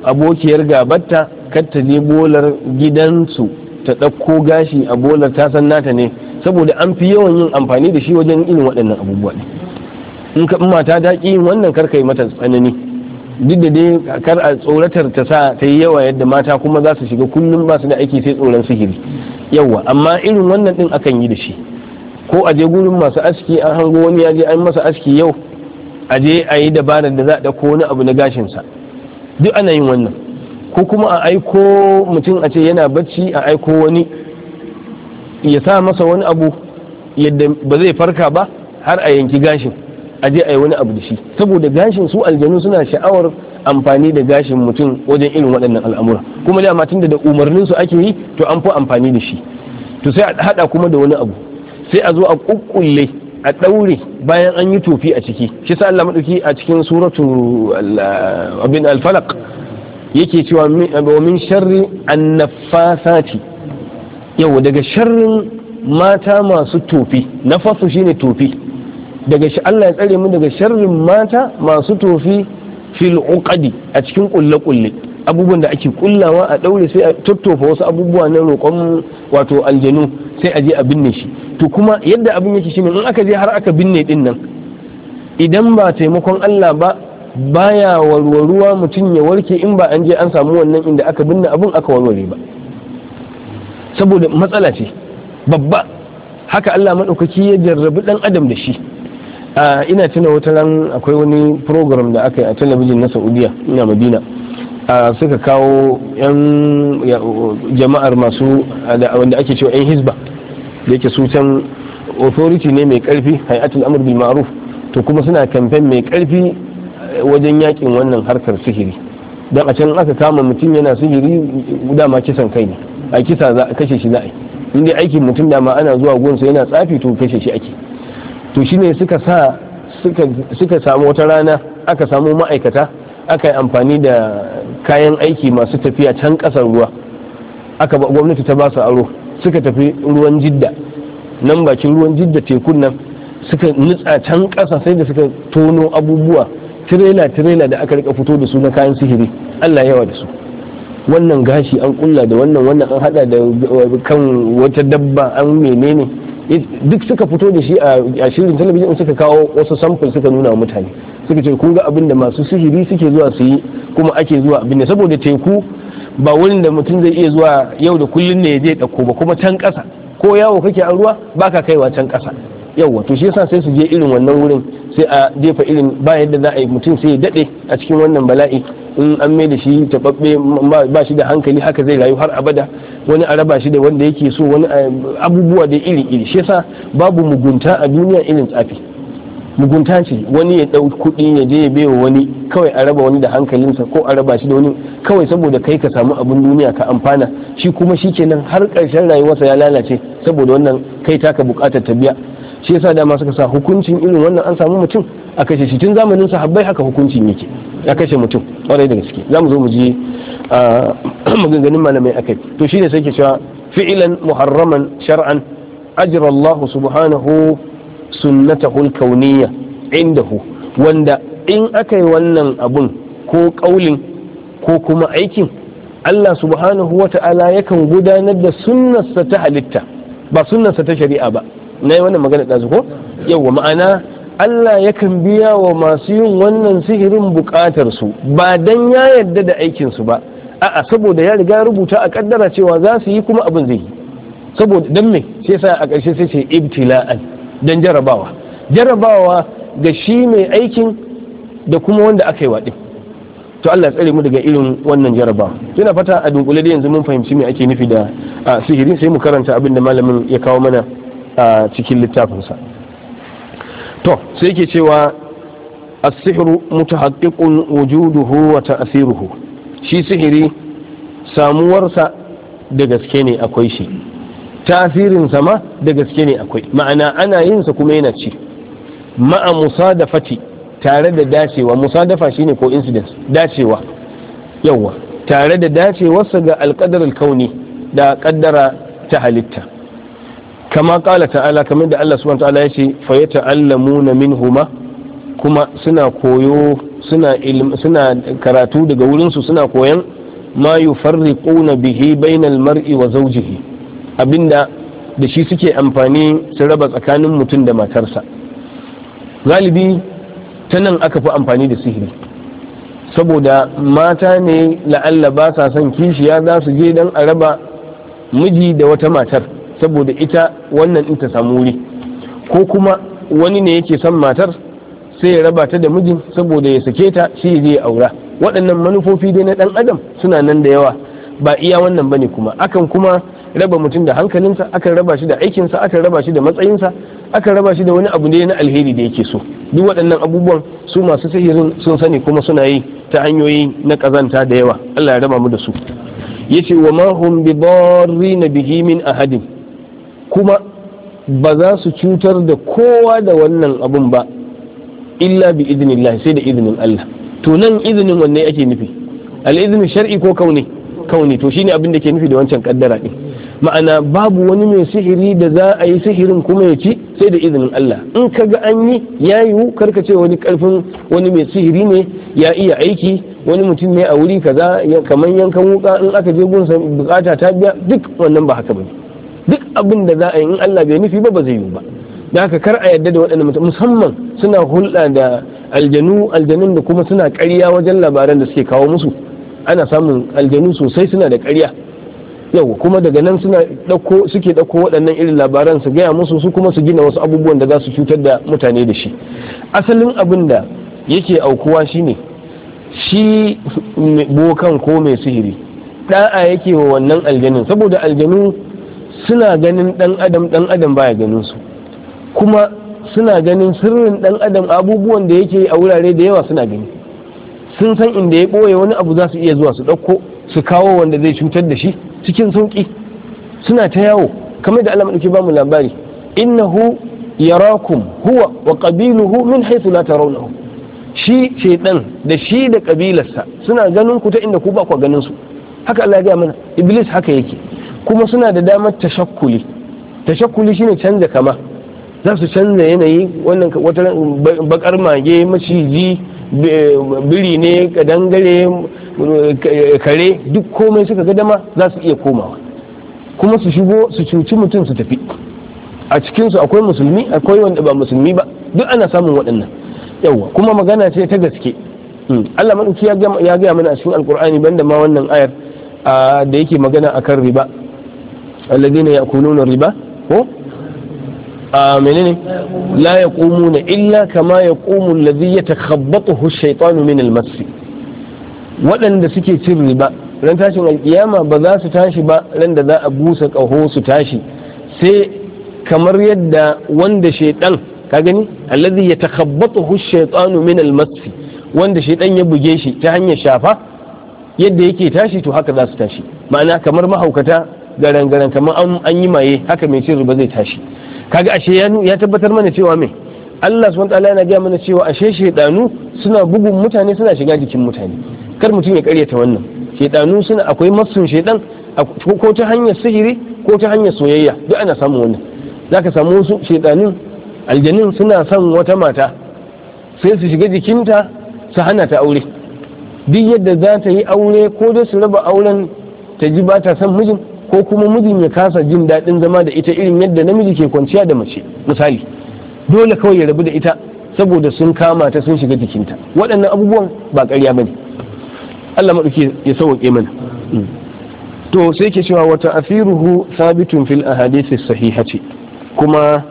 abokiyar gabata kar ta bolar gidansu ta ɗauko gashi a bolar ta san nata ne saboda an fi yawan yin amfani da shi wajen irin waɗannan abubuwa ne in ka mata ta ƙi wannan kar ka yi mata tsanani duk da dai kar a tsoratar ta sa ta yi yawa yadda mata kuma za su shiga kullum ba su da aiki sai tsoron sihiri yawa amma irin wannan ɗin akan yi da shi ko a je gurin masu aski an hango wani ya je an masa aski yau a je a yi dabarar da za a ɗauko wani abu na gashinsa duk ana yin wannan ko kuma a aiko mutum a ce yana bacci a aiko wani ya sa masa wani abu yadda ba zai farka ba har a yanki gashin a je a yi wani abu da shi saboda gashin su aljanu suna sha'awar amfani da gashin mutum wajen irin waɗannan al'amura kuma dama tun da umarnin su ake yi to an fi amfani da shi to sai a haɗa kuma da wani abu sai a zo a kukkulle a ɗaure bayan an yi tofi a ciki shi sa Allah a cikin suratu abin alfalak yake cewa wa min sharri annafasati yau daga sharrin mata masu tofi nafasu shine tofi daga shi Allah ya tsare mu daga sharrin mata masu tofi fil a cikin kulle kulle abubuwan da ake kullawa a daure sai a tattofa wasu abubuwa na roƙon wato aljanu sai a je a binne shi to kuma yadda abin yake shine in aka je har aka binne din nan idan ba taimakon Allah ba baya warwaruwa mutum ya warke in ba an je an samu wannan inda aka binne abun aka warware ba saboda matsala ce babba haka Allah maɗaukaki ya jarrabi dan adam da shi ah, ina tuna wata ran akwai wani program da aka yi a talabijin na saudiya ina madina suka kawo yan jama'ar masu wanda ake cewa yan hizba da yake su can authority ne mai karfi hayatul amr bil ma'ruf to kuma suna kamfen mai karfi eh, wajen yakin wannan harkar sihiri don a can aka kama mutum yana sihiri dama kisan kai ne a kisa za a kashe shi za a yi dai aikin mutum dama ana zuwa gonsa yana tsafi to kashe shi ake to shine suka sa suka samu wata rana aka samu ma'aikata aka yi amfani da kayan aiki masu tafiya can kasar ruwa aka ba gwamnati ta ba su aro suka tafi ruwan jidda nan bakin ruwan jidda tekun nan suka nutsa can ƙasa sai da suka tono abubuwa tirela tirela da aka rika fito da su na kayan sihiri allah yawa da su wannan gashi an kulla da wannan wannan an hada da kan wata dabba an menene Eh, duk suka fito da shi a shirin talabijin suka kawo wasu samfin suka nuna wa mutane suka ce kunga ga abin da masu sihiri suke zuwa su yi kuma ake zuwa abin da saboda teku ba wani da mutum zai iya zuwa yau da kullun ne zai dauko ba kuma can ƙasa ko yawo kake a ruwa baka kaiwa can ƙasa yau to shi yasa sai su je irin wannan wurin sai a jefa irin ba yadda za a yi mutum sai ya dade a cikin wannan bala'i in an mai da shi taɓaɓɓe ba shi da hankali haka zai rayu har abada wani a raba shi da wanda yake so wani eh, abubuwa da iri iri shi yasa babu mugunta a duniya irin tsafi mugunta ce wani ya ɗau kuɗi ya je ya baiwa wani kawai a raba wani da hankalinsa ko a raba shi da wani kawai saboda kai ka samu abin duniya ka amfana shi kuma shi kenan har ƙarshen rayuwarsa ya lalace saboda wannan kai taka buƙatar ta biya shi yasa dama suka sa hukuncin irin wannan an samu mutum a kashe shi tun zamanin sahabbai haka hukuncin yake a kashe mutum kwarai da gaske za mu zo mu ji maganganun malamai akai to shi ne sai ke cewa fi'ilan muharraman shar'an ajira Allah subhanahu sunnatahu al-kauniyya indahu wanda in aka yi wannan abun ko kaulin ko kuma aikin Allah subhanahu wa ta'ala yakan gudanar da sunnarsa ta halitta ba sunnarsa ta shari'a ba na yi wannan magana ɗazu ko yawwa ma'ana Allah yakan biya wa masu yin wannan sihirin buƙatarsu ba dan ya yarda da aikinsu ba a'a saboda ya riga rubuta a kaddara cewa za su yi kuma abin zai yi saboda dan me sai sa a ƙarshe sai ce ibtila'an dan jarabawa jarabawa ga shi mai aikin da kuma wanda aka yi waɗi to Allah tsare mu daga irin wannan jarabawa yana fata a dunkule da yanzu mun fahimci me ake nufi da sihiri sai mu karanta abin da malamin ya kawo mana a cikin littafinsa to sai yake cewa as-sihru mutahaqqiqun wujuduhu wa ta'siruhu shi sihiri samuwarsa da gaske ne akwai shi tasirinsa ma da gaske ne akwai ma'ana ana yinsa kuma yana ci ma'a musadafati tare da dacewa musadafa shine ko incidence dacewa yawa tare da dacewarsa ga alƙadar alkauni da ƙaddara ta halitta kama kala ta'ala kamar da Allah subhanahu ta'ala ya ce fa ya ta'allamuna minhuma kuma suna koyo karatu daga wurin su suna koyon ma yufarriquna bihi bainal mar'i wa zawjihi abinda da shi suke amfani su raba tsakanin mutum da matarsa galibi ta nan aka fi amfani da sihiri saboda mata ne la'alla ba sa son kishiya za su je dan a raba miji da wata matar saboda ita wannan in ta samu wuri ko kuma wani ne yake son matar sai ya raba ta da mijin saboda ya sake ta shi zai aura waɗannan manufofi dai na ɗan adam suna nan da yawa ba iya wannan bane kuma akan kuma raba mutum da hankalinsa akan raba shi da aikinsa akan raba shi da matsayinsa akan raba shi da wani abu ne na alheri da yake so duk waɗannan abubuwan su masu sihirin sun sani kuma suna yi ta hanyoyi na ƙazanta da yawa Allah ya raba mu da su yace wa ma hum bi bihi min ahadin kuma ba za su cutar da kowa da wannan abun ba illa bi Allah sai da izinin Allah to nan izinin wanne ake nufi al'izinin shar'i ko kauni kauni to shine abin da ke nufi da wancan kaddara din ma'ana babu wani mai sihiri da za a yi sihirin kuma ya ci sai da izinin Allah in ka ga an yi ya yiwu karka ce wani karfin wani mai sihiri ne ya iya aiki wani mutum ne a wuri kaza kamar yankan wuka in aka je gunsa bukata ta biya duk wannan ba haka bane duk abin da za a yi in Allah bai nufi ba ba zai yi ba da haka kar a yadda da waɗanda mutum musamman suna hulɗa da aljanu aljanun da kuma suna ƙarya wajen labaran da suke kawo musu ana samun aljanu sosai suna da ƙarya yau kuma daga nan suna ɗauko suke ɗauko waɗannan irin labaran su gaya musu su kuma su gina wasu abubuwan da za su cutar da mutane da shi asalin abin da yake aukuwa shine shi bokan ko mai sihiri Da'a yake wa wannan aljanin saboda aljanu suna ganin ɗan adam ɗan adam baya ganin su kuma suna ganin sirrin ɗan adam abubuwan da yake a wurare da yawa suna gani sun san inda ya ɓoye wani abu za su iya zuwa su ɗauko su kawo wanda zai cutar da shi cikin sauƙi suna ta yawo kamar da Allah madauki ba mu labari innahu yarakum huwa wa qabiluhu min haythu la tarawnahu shi ɗan da shi da kabilarsa suna ganin ku ta inda ku ba ku ganin su haka Allah ya ga mana iblis haka yake kuma suna da damar tashakkuli tashakkuli shine canza kama za su canza yanayi wannan wata bakar mage maciji biri ne kadangare eh, kare duk komai suka ga dama za su iya komawa kuma su shigo su cuci mutum su tafi a cikinsu akwai musulmi akwai wanda ba musulmi ba duk ana samun waɗannan yawwa kuma magana ce ta gaske hmm, Allah maɗauki ya gaya mana a cikin alkur'ani banda ma wannan ayar ah, da yake magana a kan riba alladhina yakuluna riba ko a ah, menene la yaqumuna illa kama yaqumu alladhi yatakhabbathu ash-shaytanu min al-mass suke cin riba ran tashin alkiyama ba za tashi ba ran za a busa ƙaho su tashi sai kamar yadda wanda shaidan ka gani alladhi yatakhabbathu ash-shaytanu min al wanda shaidan ya buge shi ta hanyar shafa yadda yake tashi to haka zasu tashi ma'ana kamar mahaukata garan garan kamar an yi maye haka mai ce zai tashi kaga ashe ya tabbatar mana cewa me Allah subhanahu wataala yana gaya mana cewa ashe shaidanu suna bugun mutane suna shiga jikin mutane kar mutum ya karyata wannan shaidanu suna akwai masun shaidan ko ta hanyar sihiri ko ta hanyar soyayya duk ana samun wannan zaka samu wasu shaidanun aljanin suna son wata mata sai su shiga jikinta su hana ta aure duk yadda za ta yi aure ko dai su raba auren ta ji ba ta son mijin ko kuma mijin ya kasa jin daɗin zama da ita irin yadda namiji ke kwanciya da mace misali dole kawai ya rabu da ita saboda sun kama ta sun shiga jikinta waɗannan abubuwan ba ƙarya ne. Allah maɗauki ya sauƙe mana mm. to sai ke cewa wata afiruhu sabitun fil ahadisi sahihati kuma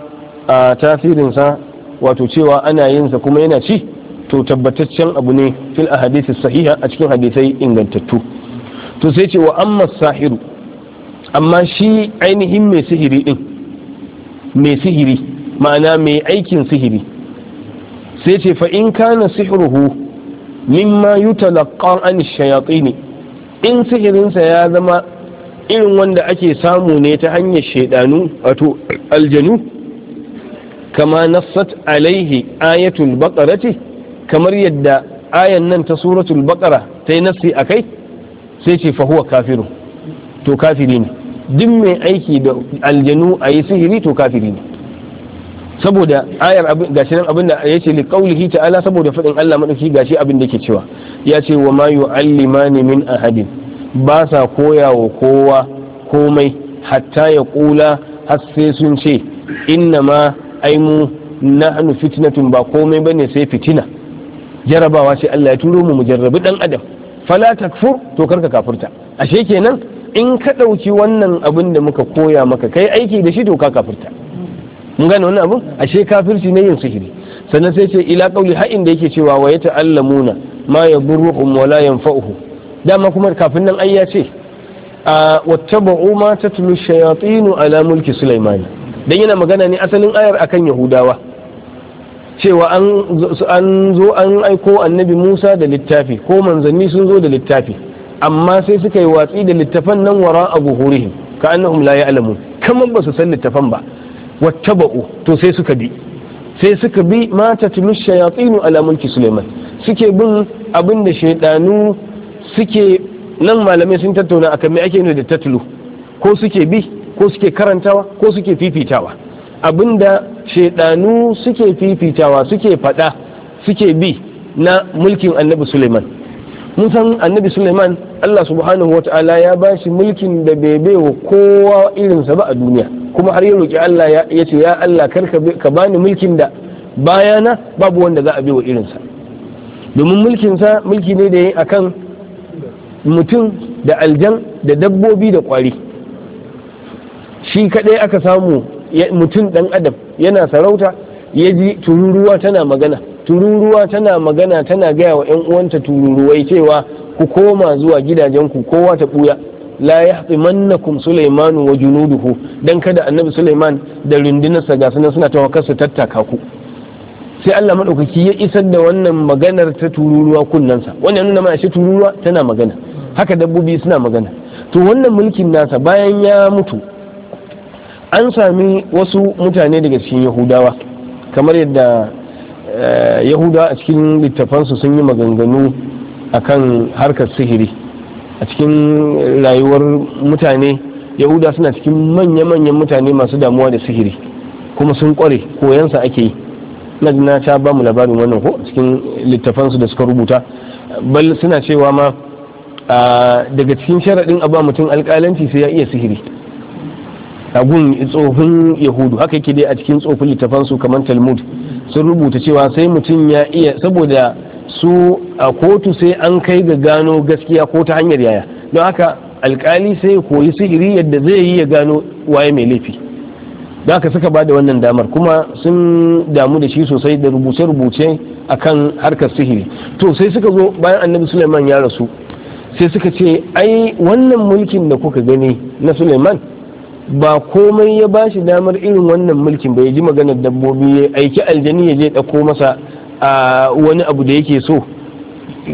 a tasirinsa wato cewa ana yinsa kuma yana ci to tabbataccen abu ne fil ahadisi sahiha a cikin hadisai ingantattu to sai ce wa amma sahiru amma shi ainihin mai sihiri din mai sihiri ma'ana mai aikin sihiri sai ce fa in kana sihiruhu mimma yutalaqqa an shayatin in sihirinsa ya zama irin wanda ake samu ne ta hanyar shaidanu wato aljanu kama nassat alaihi ayatul baqara ce kamar yadda ayan nan ta suratul baqara ta yi nassi kai sai ce fa huwa kafiru to kafiri ne duk mai aiki da aljanu a yi sihiri to kafiri ne saboda ayar gashi nan abinda ya ce li qaulihi ta'ala saboda fadin Allah madauki gashi abin da ke cewa ya ce wa ma yu'allimani min ahadin ba sa koya kowa komai hatta ya kula har sai sun ce inna ma aimu anu fitnatun ba komai bane sai fitina jarabawa sai Allah ya turo mu mu jarrabi dan adam fala takfur to karka kafurta ashe kenan in ka ɗauki wannan abin da muka koya maka kai aiki da shi to ka kafirta mun gane wannan abin ashe kafirci ne yin sihiri sannan sai ce ila kauli ha da yake cewa wa yata'allamuna ma yadurruhum wa la yanfa'uhu dama kuma kafin nan ayya ce a wattabu ma tatlu shayatin ala mulki sulaiman dan yana magana ne asalin ayar akan yahudawa cewa an zo an aiko annabi Musa da littafi ko manzanni sun zo da littafi amma sai suka yi watsi da littafan nan wara a buhurihim ka annahum la alamu kamar ba su san littafan ba ba'u to sai suka bi sai suka bi ma tatlu shayatin ala mulki suleiman suke bin abin da shaidanu suke nan malamai sun tattauna akan me ake nuna da tatlu ko suke bi ko suke karantawa ko suke fifitawa abinda shaidanu suke fifitawa suke fada suke bi na mulkin annabi suleiman mun san annabi suleiman allah subhanahu wata'ala ya ba shi mulkin da bai bai wa kowa irinsa ba a duniya kuma har ya roƙi allah ya ce ya allah kar ka bani mulkin da bayana babu wanda za a bai wa irinsa domin mulkinsa mulki ne da ya kan mutum da aljan da dabbobi da kwari shi kaɗai aka samu mutum ɗan adam yana sarauta ya ji tururuwa tana magana tururuwa tana magana tana gaya wa 'yan uwanta tururuwai cewa ku koma zuwa gidajenku kowa ta ɓuya la yahtimannakum sulaimanu wa junuduhu dan kada annabi sulaiman da rundunarsa ga sunan suna tawakkar su tattaka ku sai Allah madaukaki ya isar da wannan maganar ta tururuwa kunnansa wannan nuna mana shi tururuwa tana magana haka dabbobi suna magana to wannan mulkin nasa bayan ya mutu an sami wasu mutane daga cikin yahudawa kamar yadda Eh, yahuda a cikin littafansu sun yi maganganu a kan harkar sihiri a cikin rayuwar mutane yahuda suna cikin manya-manyan mutane masu damuwa da sihiri kuma sun kware koyansa ake yi na na ta ba mu labarin wannan ko cikin littafansu da suka rubuta bal suna cewa ma ah, daga cikin sharaɗin a mutum alƙalanci sai ya iya sihiri tagun tsofin yahudu haka yake dai a cikin tsofin littafansu kamar talmud sun rubuta cewa sai mutum ya iya saboda su a kotu sai an kai ga gano gaskiya ko ta hanyar yaya don haka alkali sai koyi sihiri yadda zai yi ya gano waye mai laifi don haka suka bada wannan damar kuma sun damu da shi sosai da rubuce-rubuce akan harkar sihiri to sai suka zo bayan annabi suleiman ya rasu sai suka ce ai wannan mulkin da kuka gani na suleiman ba komai ya ba shi damar irin wannan mulkin ba. Ya ji maganar dabbobi ya aiki aljani ya je ɗauko masa a wani abu da yake so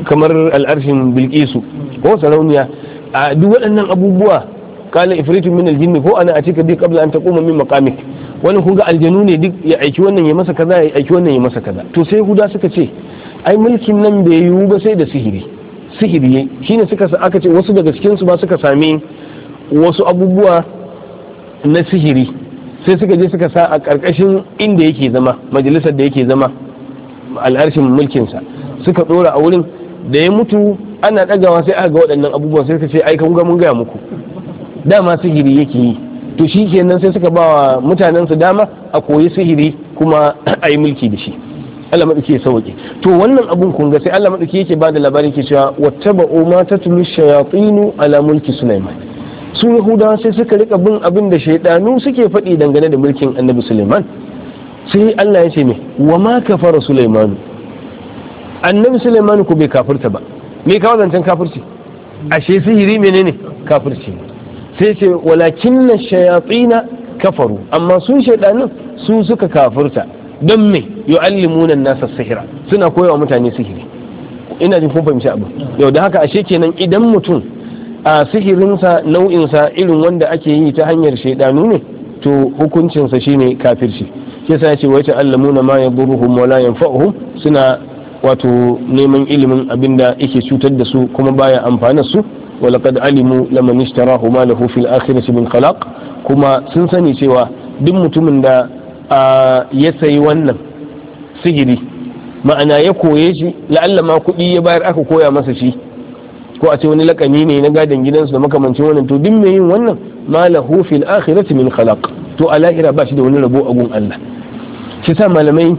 kamar al'arshin bilkisu ko sarauniya a duk waɗannan abubuwa kala ifritu min aljin ko ana a cika bi kabla an taquma min makamik wani ga aljanu ne duk ya aiki wannan ya masa kaza ya aiki wannan ya masa kaza to sai huda suka ce ai mulkin nan da ya yiwu ba sai da sihiri sihiri ne. shine suka aka ce wasu daga cikin su ba suka sami wasu abubuwa na sihiri sai suka je suka sa a ƙarƙashin inda yake zama majalisar da yake zama al'arshin mulkinsa suka ɗora a wurin da ya mutu ana ɗagawa sai aga ga waɗannan abubuwan sai suka ce ai kun mun gaya muku dama sihiri yake yi to shi kenan sai suka ba wa mutanensu dama a koyi sihiri kuma a yi mulki da shi Allah maɗauki ya sauke to wannan abun kun ga sai Allah maɗauki yake ba da labarin ke cewa wattaba ma tatlu shayatinu ala mulki Sulaiman su yahudawa sai suka rika bin abin da shaidanu suke faɗi dangane da mulkin annabi suleiman sai allah ya ce me wa ma kafara suleiman annabi suleiman ku bai kafirta ba me kawo zancen kafirci ashe sihiri menene kafirci sai ce walakin na shayatsina kafaru amma sun shaidanin su suka kafirta don me yu'allimuna nasa sihira suna koyawa mutane sihiri ina jin kun fahimci abu yau da haka ashe kenan idan mutum a sihirinsa nau'insa irin wanda ake yi ta hanyar shaidanu ne to hukuncinsa shine kafirci yasa ya ce wa na ma yadurruhum wala yanfa'uhum suna wato neman ilimin abinda yake cutar da su kuma baya amfanar su walaqad alimu laman ishtarahu ma lahu fil akhirati min khalaq kuma sun sani cewa duk mutumin da ya sayi wannan sihiri ma'ana ya koye shi la'alla ma kuɗi ya bayar aka koya masa shi ko a ce wani lakani ne na gadon gidansu da makamancin wannan to duk mai yin wannan malahu fil akhirati min khalaq to a lahira ba shi da wani rabo a gun Allah shi sa malamai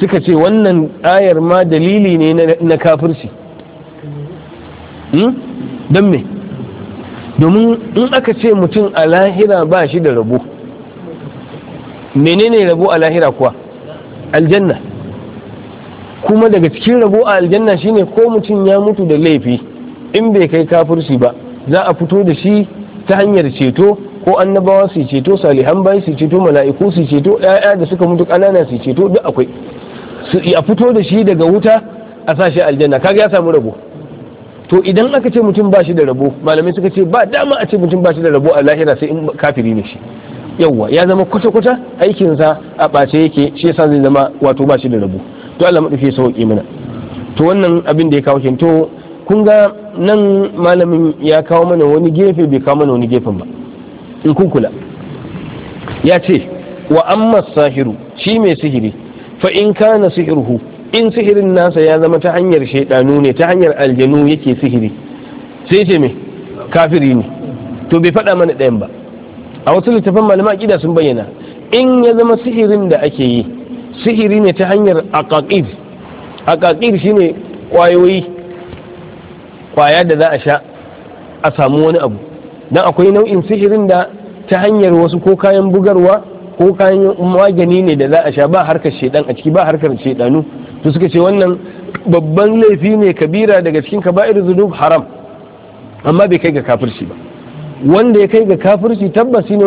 suka ce wannan ayar ma dalili ne na kafirci hmm? don me domin in aka ce mutum a lahira ba shi da rabo menene rabo a lahira kuwa aljanna kuma daga cikin rabo a aljanna shine ko mutum ya mutu da laifi in bai kai kafirci ba za a fito da shi ta hanyar ceto ko annabawa su ceto salihan bai su ceto mala'iku su ceto ƴaƴa da suka mutu ƙanana su ceto duk akwai su a fito da shi daga wuta a sashi aljanna kaga ya samu rabo to idan aka ce mutum ba shi da rabo malamai suka ce ba dama a ce mutum ba shi da rabo a lahira sai in kafiri ne shi yawwa ya zama kwata-kwata aikinsa a ɓace yake shi yasa zai zama wato ba shi da rabo to Allah maɗufi ya sauƙi mana to wannan abin da ya kawo to kun ga nan malamin ya kawo mana wani gefe bai kawo mana wani gefen ba in kun kula ya ce wa amma sahiru shi mai sihiri fa in kana sihirhu, in sihirin nasa ya zama ta hanyar shaidanu ne ta hanyar aljanu yake sihiri sai ce me kafiri ne to bai faɗa mana ɗayan ba a wasu littafan malama kida sun bayyana in ya zama sihirin da ake yi sihiri ne ta hanyar aƙaƙir shi shine kwayoyi. kwaya da za a sha a samu wani abu don akwai nau'in sihirin da ta hanyar wasu ko kayan bugarwa ko kayan magani ne da za a sha ba harkar shaidan a ciki ba harkar shaidanu to suka ce wannan babban laifi ne kabira daga cikin kaba'ir zunub haram amma bai kai ga kafirci ba wanda ya kai ga kafirci tabbas ne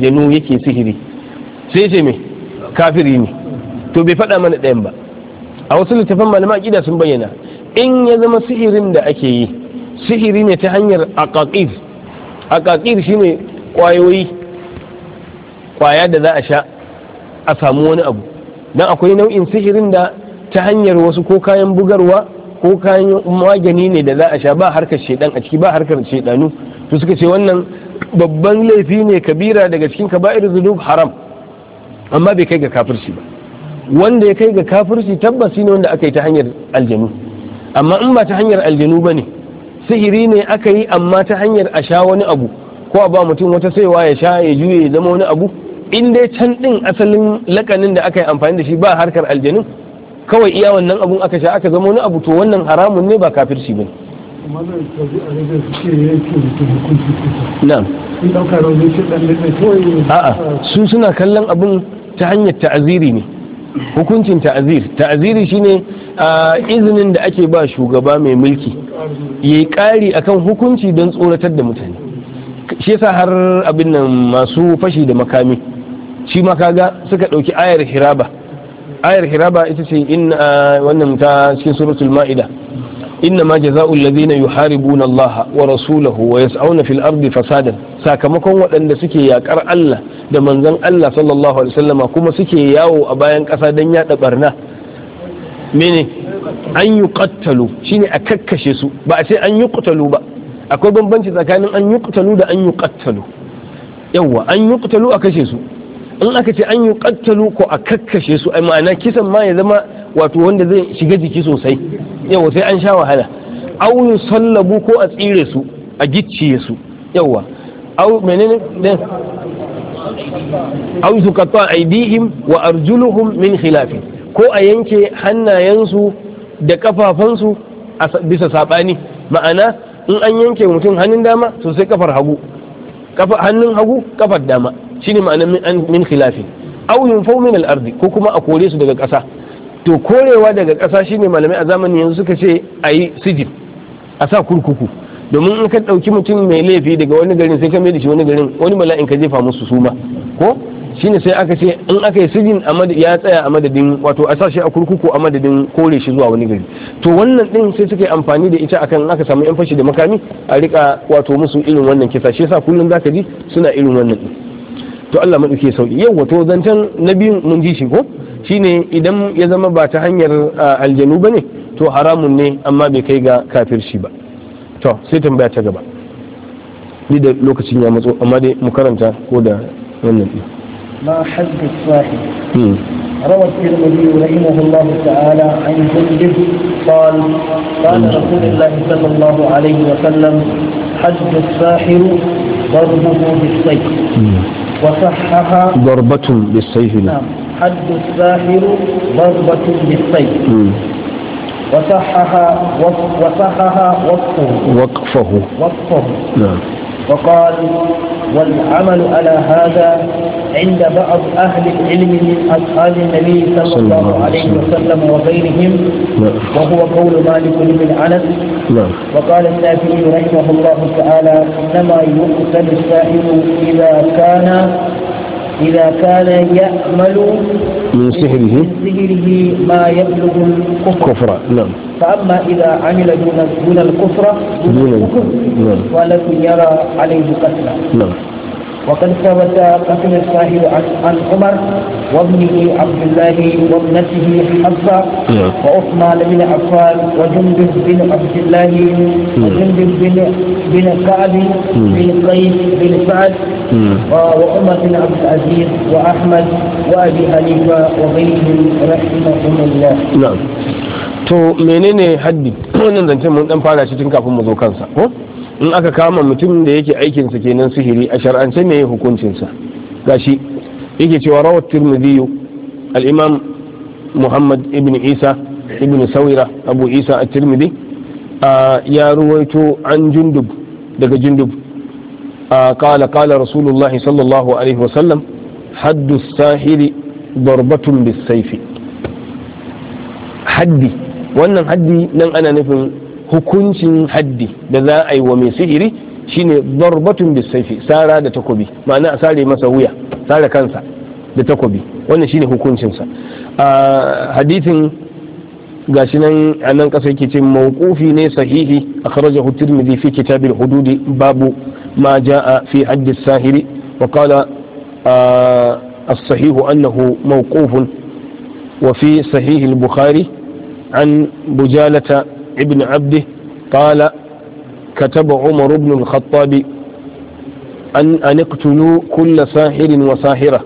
janu yake sihiri sai ce me kafiri ne to bai faɗa mana ɗayan ba a wasu littafan malama aƙida sun bayyana in ya zama sihirin da ake yi sihiri ne ta hanyar akakir shi shine kwayoyi kwaya da za a sha a samu wani abu don akwai nau'in sihirin da ta hanyar wasu ko kayan bugarwa ko kayan magani ne da za a sha ba harkar shedan a ciki ba harkar shedanu to suka ce wannan babban laifi ne kabira daga cikin kaba'ir zunub haram amma bai kai ga kafirci ba wanda ya kai ga kafirci tabbas ne wanda aka yi ta hanyar aljanu amma in ba ta hanyar aljanu ba ne sihiri ne aka yi amma ta hanyar a sha wani abu ko a ba mutum wata saiwa ya sha ya juye ya zama wani abu in dai can din asalin lakanin da aka yi amfani da shi ba harkar aljanu kawai iya wannan abun aka sha aka zama wani abu to wannan haramun ne ba kafirci ba ne a'a su suna kallon abin ta hanyar ta'aziri ne hukuncin ta'azir ta'aziri shine a izinin da ake ba shugaba mai mulki ya yi ƙari akan hukunci don tsoratar da mutane shi yasa har abin nan masu fashi da makami shi makaga kaga suka ɗauki ayar hiraba ayar hiraba ita ce in wannan ta cikin suratul ma'ida إنما جزاء الذين يحاربون الله ورسوله ويسعون في الأرض فسادا sakamakon waɗanda suke yaƙar Allah da manzon Allah sallallahu alaihi wasallama kuma suke yawo a bayan ƙasa don yaɗa barna mene an yi shi ne a kakkashe su ba a ce an yi ƙutalu ba akwai bambanci tsakanin an yi ƙutalu da an yi ƙattalu yawwa an yi ƙutalu a kashe su in aka ce an yi kattalu ko a kakkashe su ai ma'ana kisan ma ya zama wato wanda zai shiga jiki sosai yawa sai an sha wahala au sallabu ko a tsire su a gicciye su yawa au menene ne au su katta aidihim wa arjuluhum min khilafi ko a yanke hannayensu da kafafansu a bisa saɓani. ma'ana in an yanke mutum hannun dama sosai kafar hagu hannun hagu kafar dama shine ma'anar min khilafi aw yunfau min al-ardi ko kuma a kore su daga ƙasa to korewa daga ƙasa shine malamai a zamanin yanzu suka ce ayi sijin a sa kurkuku domin in ka ɗauki mutum mai laifi daga wani garin sai ka mai da shi wani garin wani mala'in ka jefa musu su ma ko shine sai aka ce in aka yi sijin ya tsaya a madadin wato a sashi a kurkuku a madadin kore shi zuwa wani gari to wannan din sai suka yi amfani da ita akan aka samu yan fashi da makami a rika wato musu irin wannan kisa shi yasa kullum zaka ji suna irin wannan din to Allah maɗauke sauki yau wato zancen na biyun mun ji shi ko shine idan ya zama ba ta hanyar aljanu ba ne to haramun ne amma bai kai ga kafir shi ba to sai tambaya ta gaba ni da lokacin ya matso amma dai mu karanta ko da wannan ɗin ما حد الصاحب روى الترمذي رحمه الله تعالى عن جندب قال قال رسول الله صلى الله عليه وسلم حد الساحر ضربه بالسيف وصحها ضربة بالسيف نعم حد الساحر ضربة بالسيف وصحها وصحها وصفه وقفه وقفه نعم وقال والعمل على هذا عند بعض أهل العلم من أصحاب النبي صلى الله عليه وسلم وغيرهم نعم. وهو قول مالك بن أنس نعم. وقال الشافعي رحمه الله تعالى إنما يقتل السائل إذا كان إذا كان يأمل من سحره سحره ما يبلغ الكفر نعم فأما إذا عمل دون دون الكفر دون الكفر نعم. ولكن يرى عليه قتلا نعم وقد ثبت قتل الصاحب عن عمر وابنه عبد الله وابنته حفصة وعثمان بن عفان وجندب بن عبد الله وجندب بن بن كعب بن قيس بن سعد وعمر بن عبد العزيز واحمد وابي حنيفه وغيرهم رحمهم الله. نعم. تو منين haddi منين zancen من dan fara shi tun in aka kama mutum da yake aikinsa kenan sihiri a shar'ance ne hukuncinsa gashi yake cewa rawar tirmidhi al-imam muhammad ibn isa ibn sawira abu isa a tirmidhi ya ruwaito an jundub daga jundub قال قال رسول الله صلى الله عليه وسلم حد الساحر ضربة بالسيف haddi wannan haddi nan ana nufin hukuncin haddi da za a yi wa mai sihiri shine darbatun bisaifi sara da takobi ma'ana a sare masa wuya sare kansa da takobi wannan shine hukuncinsa a hadithin gashi nan a nan ƙasa yake ce mawqufi ne sahihi akhrajahu tirmidhi fi kitab al-hudud babu ma jaa fi hadd as-sahiri wa qala as-sahih annahu mawqufun wa fi sahih al-bukhari an bujalata ابن عبده قال كتب عمر بن الخطاب أن, أن اقتلوا كل ساحر وساحرة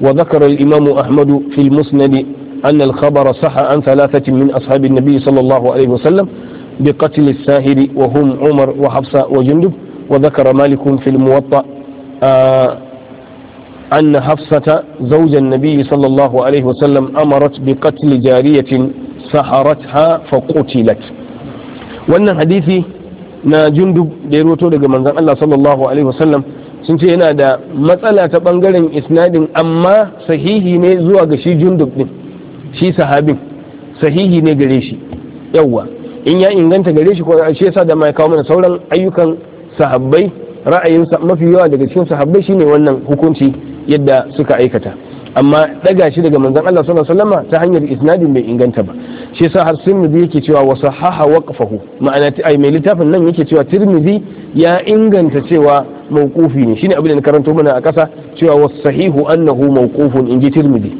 وذكر الإمام أحمد في المسند أن الخبر صح عن ثلاثة من أصحاب النبي صلى الله عليه وسلم بقتل الساحر وهم عمر وحفصة وجندب وذكر مالك في الموطأ آه، أن حفصة زوج النبي صلى الله عليه وسلم أمرت بقتل جارية سحرتها فقتلت wannan hadisi na jundub da ya roto daga manzon Allah sallallahu alaihi wasallam sun ce yana da matsala ta bangaren isnadin amma sahihi ne zuwa ga shi jundub din shi sahabin sahihi ne gare shi yawwa in ya inganta gare shi ko shi sa da mai kawo mana sauran ayyukan sahabbai ra'ayinsa mafi yawa daga cikin sahabbai shine wannan hukunci yadda suka aikata amma daga shi daga manzon Allah sallallahu alaihi wasallam ta hanyar isnadin bai inganta ba shi yasa har Tirmidhi yake cewa wa sahaha waqfahu ma'ana ai mai littafin nan yake cewa Tirmidhi ya inganta cewa mawqufi ne shine abin da na karanto mana a ƙasa cewa was sahihu annahu mawqufun inji Tirmidhi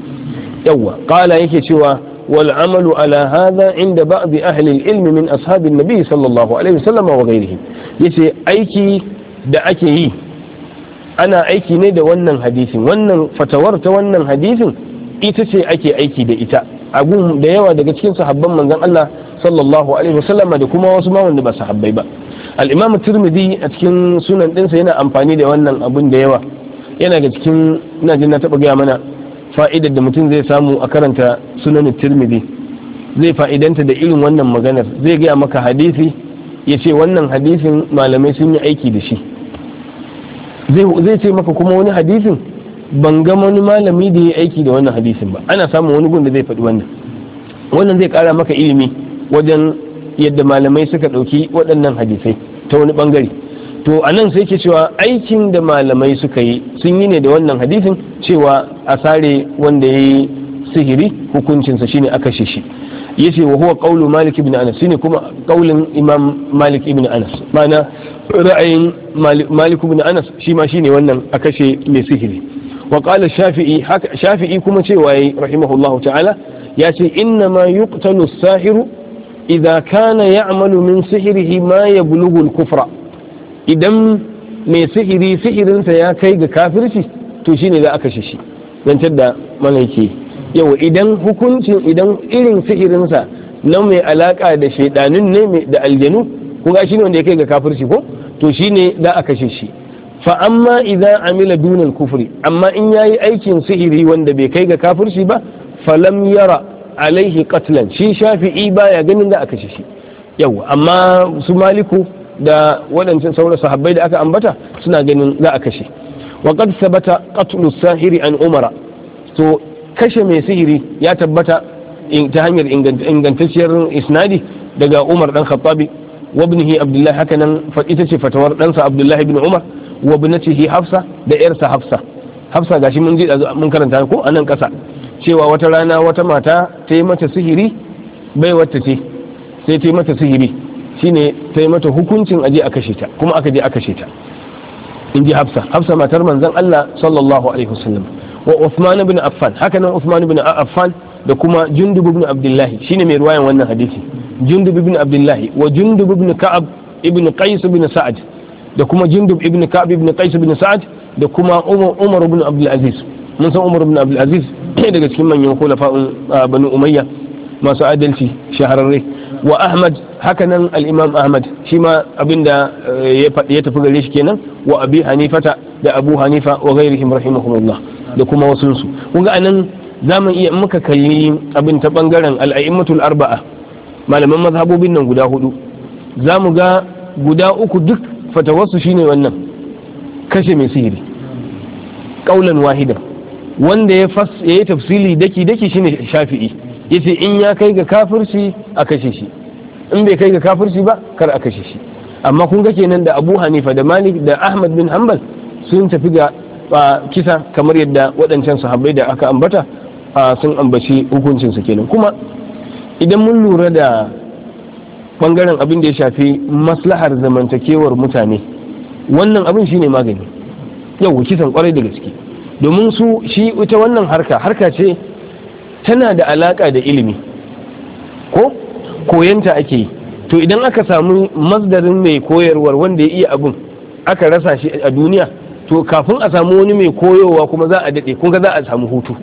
yawa qala yake cewa wal amalu ala hadha inda ba'd ahli al ilmi min ashabin nabi sallallahu alaihi wasallam wa ghayrihim yace aiki da ake yi ana aiki ne da wannan hadisin wannan fatawar ta wannan hadisin ita ce ake aiki da ita abun da yawa daga cikin sahabban manzon Allah sallallahu alaihi wasallam da kuma wasu ma wanda ba sahabbai ba al-imam tirmidhi a cikin sunan dinsa yana amfani da wannan abun da yawa yana ga cikin ina jin na taba gaya mana fa'idar da mutum zai samu a karanta sunan tirmidhi zai fa'idanta da irin wannan maganar zai gaya maka hadisi ya ce wannan hadisin malamai sun yi aiki da shi zai ce maka kuma wani hadisin ban ga wani malami da ya aiki da wannan hadisin ba ana samun wani gun da zai faɗi wannan wannan zai ƙara maka ilimi wajen yadda malamai suka ɗauki waɗannan hadisai ta wani ɓangare to a nan sai ke cewa aikin da malamai suka yi sun yi ne da wannan hadisin cewa a sare wanda ya yi sihiri hukuncinsa shine a kashe shi yace wa huwa qawlu malik ibn anas shine kuma qaulin imam malik ibn anas mana ra'ayin malik ibn anas shi ma shine wannan a kashe mai sihiri wa qala shafi'i shafi'i kuma cewa waye rahimahullahu ta'ala yace inna ma yuqtalu as-sahiru idza kana ya'malu min sihrihi ma yablughu al-kufra idan mai sihiri sihirinsa ya kai ga kafirci to shine za a kashe shi dan da malaki yau idan hukuncin idan irin sihirinsa na mai alaka da shaidanin ne da aljanu ko ga shine wanda ya kai ga kafirci ko to shine za a kashe shi fa amma idan amila dunan kufuri, amma in ya yi aikin sihiri wanda bai kai ga kafirci ba falam yara alaihi qatlan shi shafi'i baya ganin da a kashe shi yau amma su maliku da waɗancan sauran sahabbai da aka ambata suna ganin za a kashe wa qad sabata qatlu sahiri an umara to kashe mai sihiri ya tabbata ta hanyar ingantacciyar isnadi daga umar dan khattabi wabnihi abdullahi haka nan ita ce fatawar ɗansa abdullahi bin umar ibnatihi hafsa da yarsa hafsa hafsa gashi mun ji mun karanta ko anan ƙasa cewa wata rana wata mata ta yi mata sihiri bai wata ce sai ta yi mata sihiri shine ta yi mata hukuncin aje a kashe ta kuma aka je a kashe ta in ji hafsa hafsa matar manzon Allah sallallahu alaihi wasallam wa Uthman ibn Affan haka nan Uthman ibn Affan da kuma Jundub ibn Abdullah shine mai ruwayan wannan hadisi Jundub ibn Abdullah wa Jundub ibn Ka'ab ibn Qais ibn Sa'ad da kuma Jundub ibn Ka'ab ibn Qais ibn Sa'ad da kuma Umar ibn Abdul Aziz mun san Umar ibn Abdul Aziz daga cikin manyan khulafa'un Banu Umayya masu adalci shahararre wa Ahmad hakanan al-Imam Ahmad shi ma abinda eh, ya tafi gare shi kenan wa Abi Hanifata da Abu Hanifa wa ghairihim rahimahumullah da kuma wasunsu kun ga anan za mu iya muka kalli abin ta bangaren al'a'immatul arba'a malaman mazhabobin nan guda hudu za mu ga guda uku duk fatawarsu shine wannan kashe mai sihiri kaulan wahida wanda ya yi tafsili daki daki shine shafi'i yace in ya kai ga kafirci a kashe shi in bai kai ga kafirci ba kar a kashe shi amma kun ga kenan da Abu Hanifa da Malik da Ahmad bin Hanbal sun tafi ga a kisa kamar yadda waɗancan sahabbai da aka ambata a sun ambaci hukuncin su kenan kuma idan mun lura da bangaren abin da ya shafi maslahar zamantakewar mutane wannan abin shine magani yau kisan kwarai da gaske domin su shi ita wannan harka harka ce tana da alaka da ilimi ko koyanta ake yi to idan aka samu mazdarin mai koyarwar wanda ya iya abin aka rasa shi a duniya to kafin a samu wani mai koyowa kuma za a daɗe kun ga za a samu hutu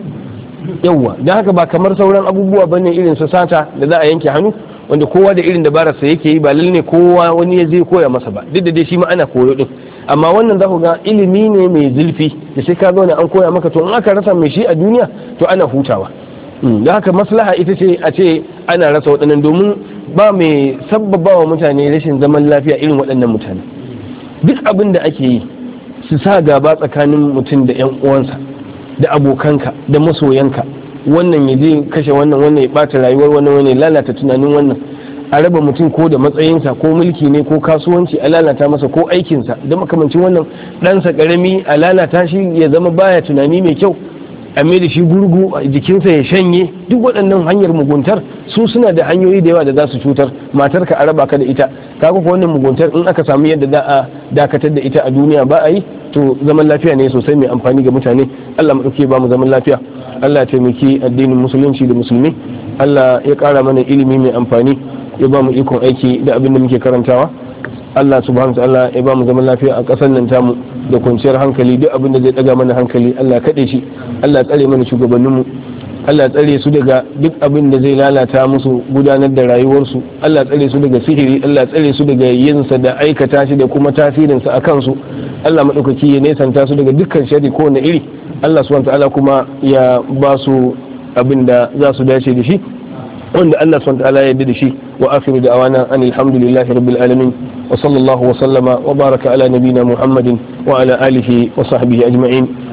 yawwa don haka ba kamar sauran abubuwa bane irin su sata da za a yanke hannu wanda kowa da irin dabararsa yake yi ba lalle kowa wani ya zai koya masa ba duk da dai shi ma ana koyo din amma wannan za ku ga ilimi ne mai zulfi da sai ka zauna an koya maka to in aka rasa mai shi a duniya to ana hutawa hmm, da haka maslaha ita ce a ce ana rasa waɗannan domin ba mai sabbaba mutane rashin zaman lafiya irin waɗannan mutane duk abin da ake yi su sa gaba tsakanin mutum da 'yan uwansa da abokanka da masoyanka wannan ya je kashe wannan wannan ya bata rayuwar wannan wannan lalata tunanin wannan a raba mutum ko da matsayinsa ko mulki ne ko kasuwanci a lalata masa ko aikinsa da makamancin wannan ɗansa ƙarami a lalata shi ya zama baya tunani mai kyau a mai da shi gurgu a jikinsa ya shanye duk waɗannan hanyar muguntar su suna da hanyoyi da yawa da za su cutar matarka a raba ka da ita ka wannan muguntar in aka samu yadda za a dakatar da ita a duniya ba a yi to zaman lafiya ne sosai mai amfani ga mutane Allah maɗauke ba mu zaman lafiya Allah ya taimaki addinin musulunci da musulmi Allah ya ƙara mana ilimi mai amfani ya ba mu ikon aiki da abin da muke karantawa Allah subhanahu ta'ala ya ba mu zaman lafiya a ƙasar nan tamu da kwanciyar hankali duk abin da zai ɗaga mana hankali Allah kaɗe shi Allah ya tsare mana shugabanninmu Allah tsare su daga duk abin da zai lalata musu gudanar da rayuwarsu Allah tsare su daga sihiri Allah tsare su daga yinsa da aikata shi da kuma tasirinsa a kansu Allah maɗaukaki ya nesanta su daga dukkan shari ko na iri Allah subhanahu ta'ala kuma ya ba su abin da za su dace da shi wanda Allah subhanahu ta'ala ya yarda da shi wa akhiru da'wana anil rabbil alamin wa sallallahu wa sallama wa baraka ala nabiyyina muhammadin wa ala alihi wa sahbihi ajma'in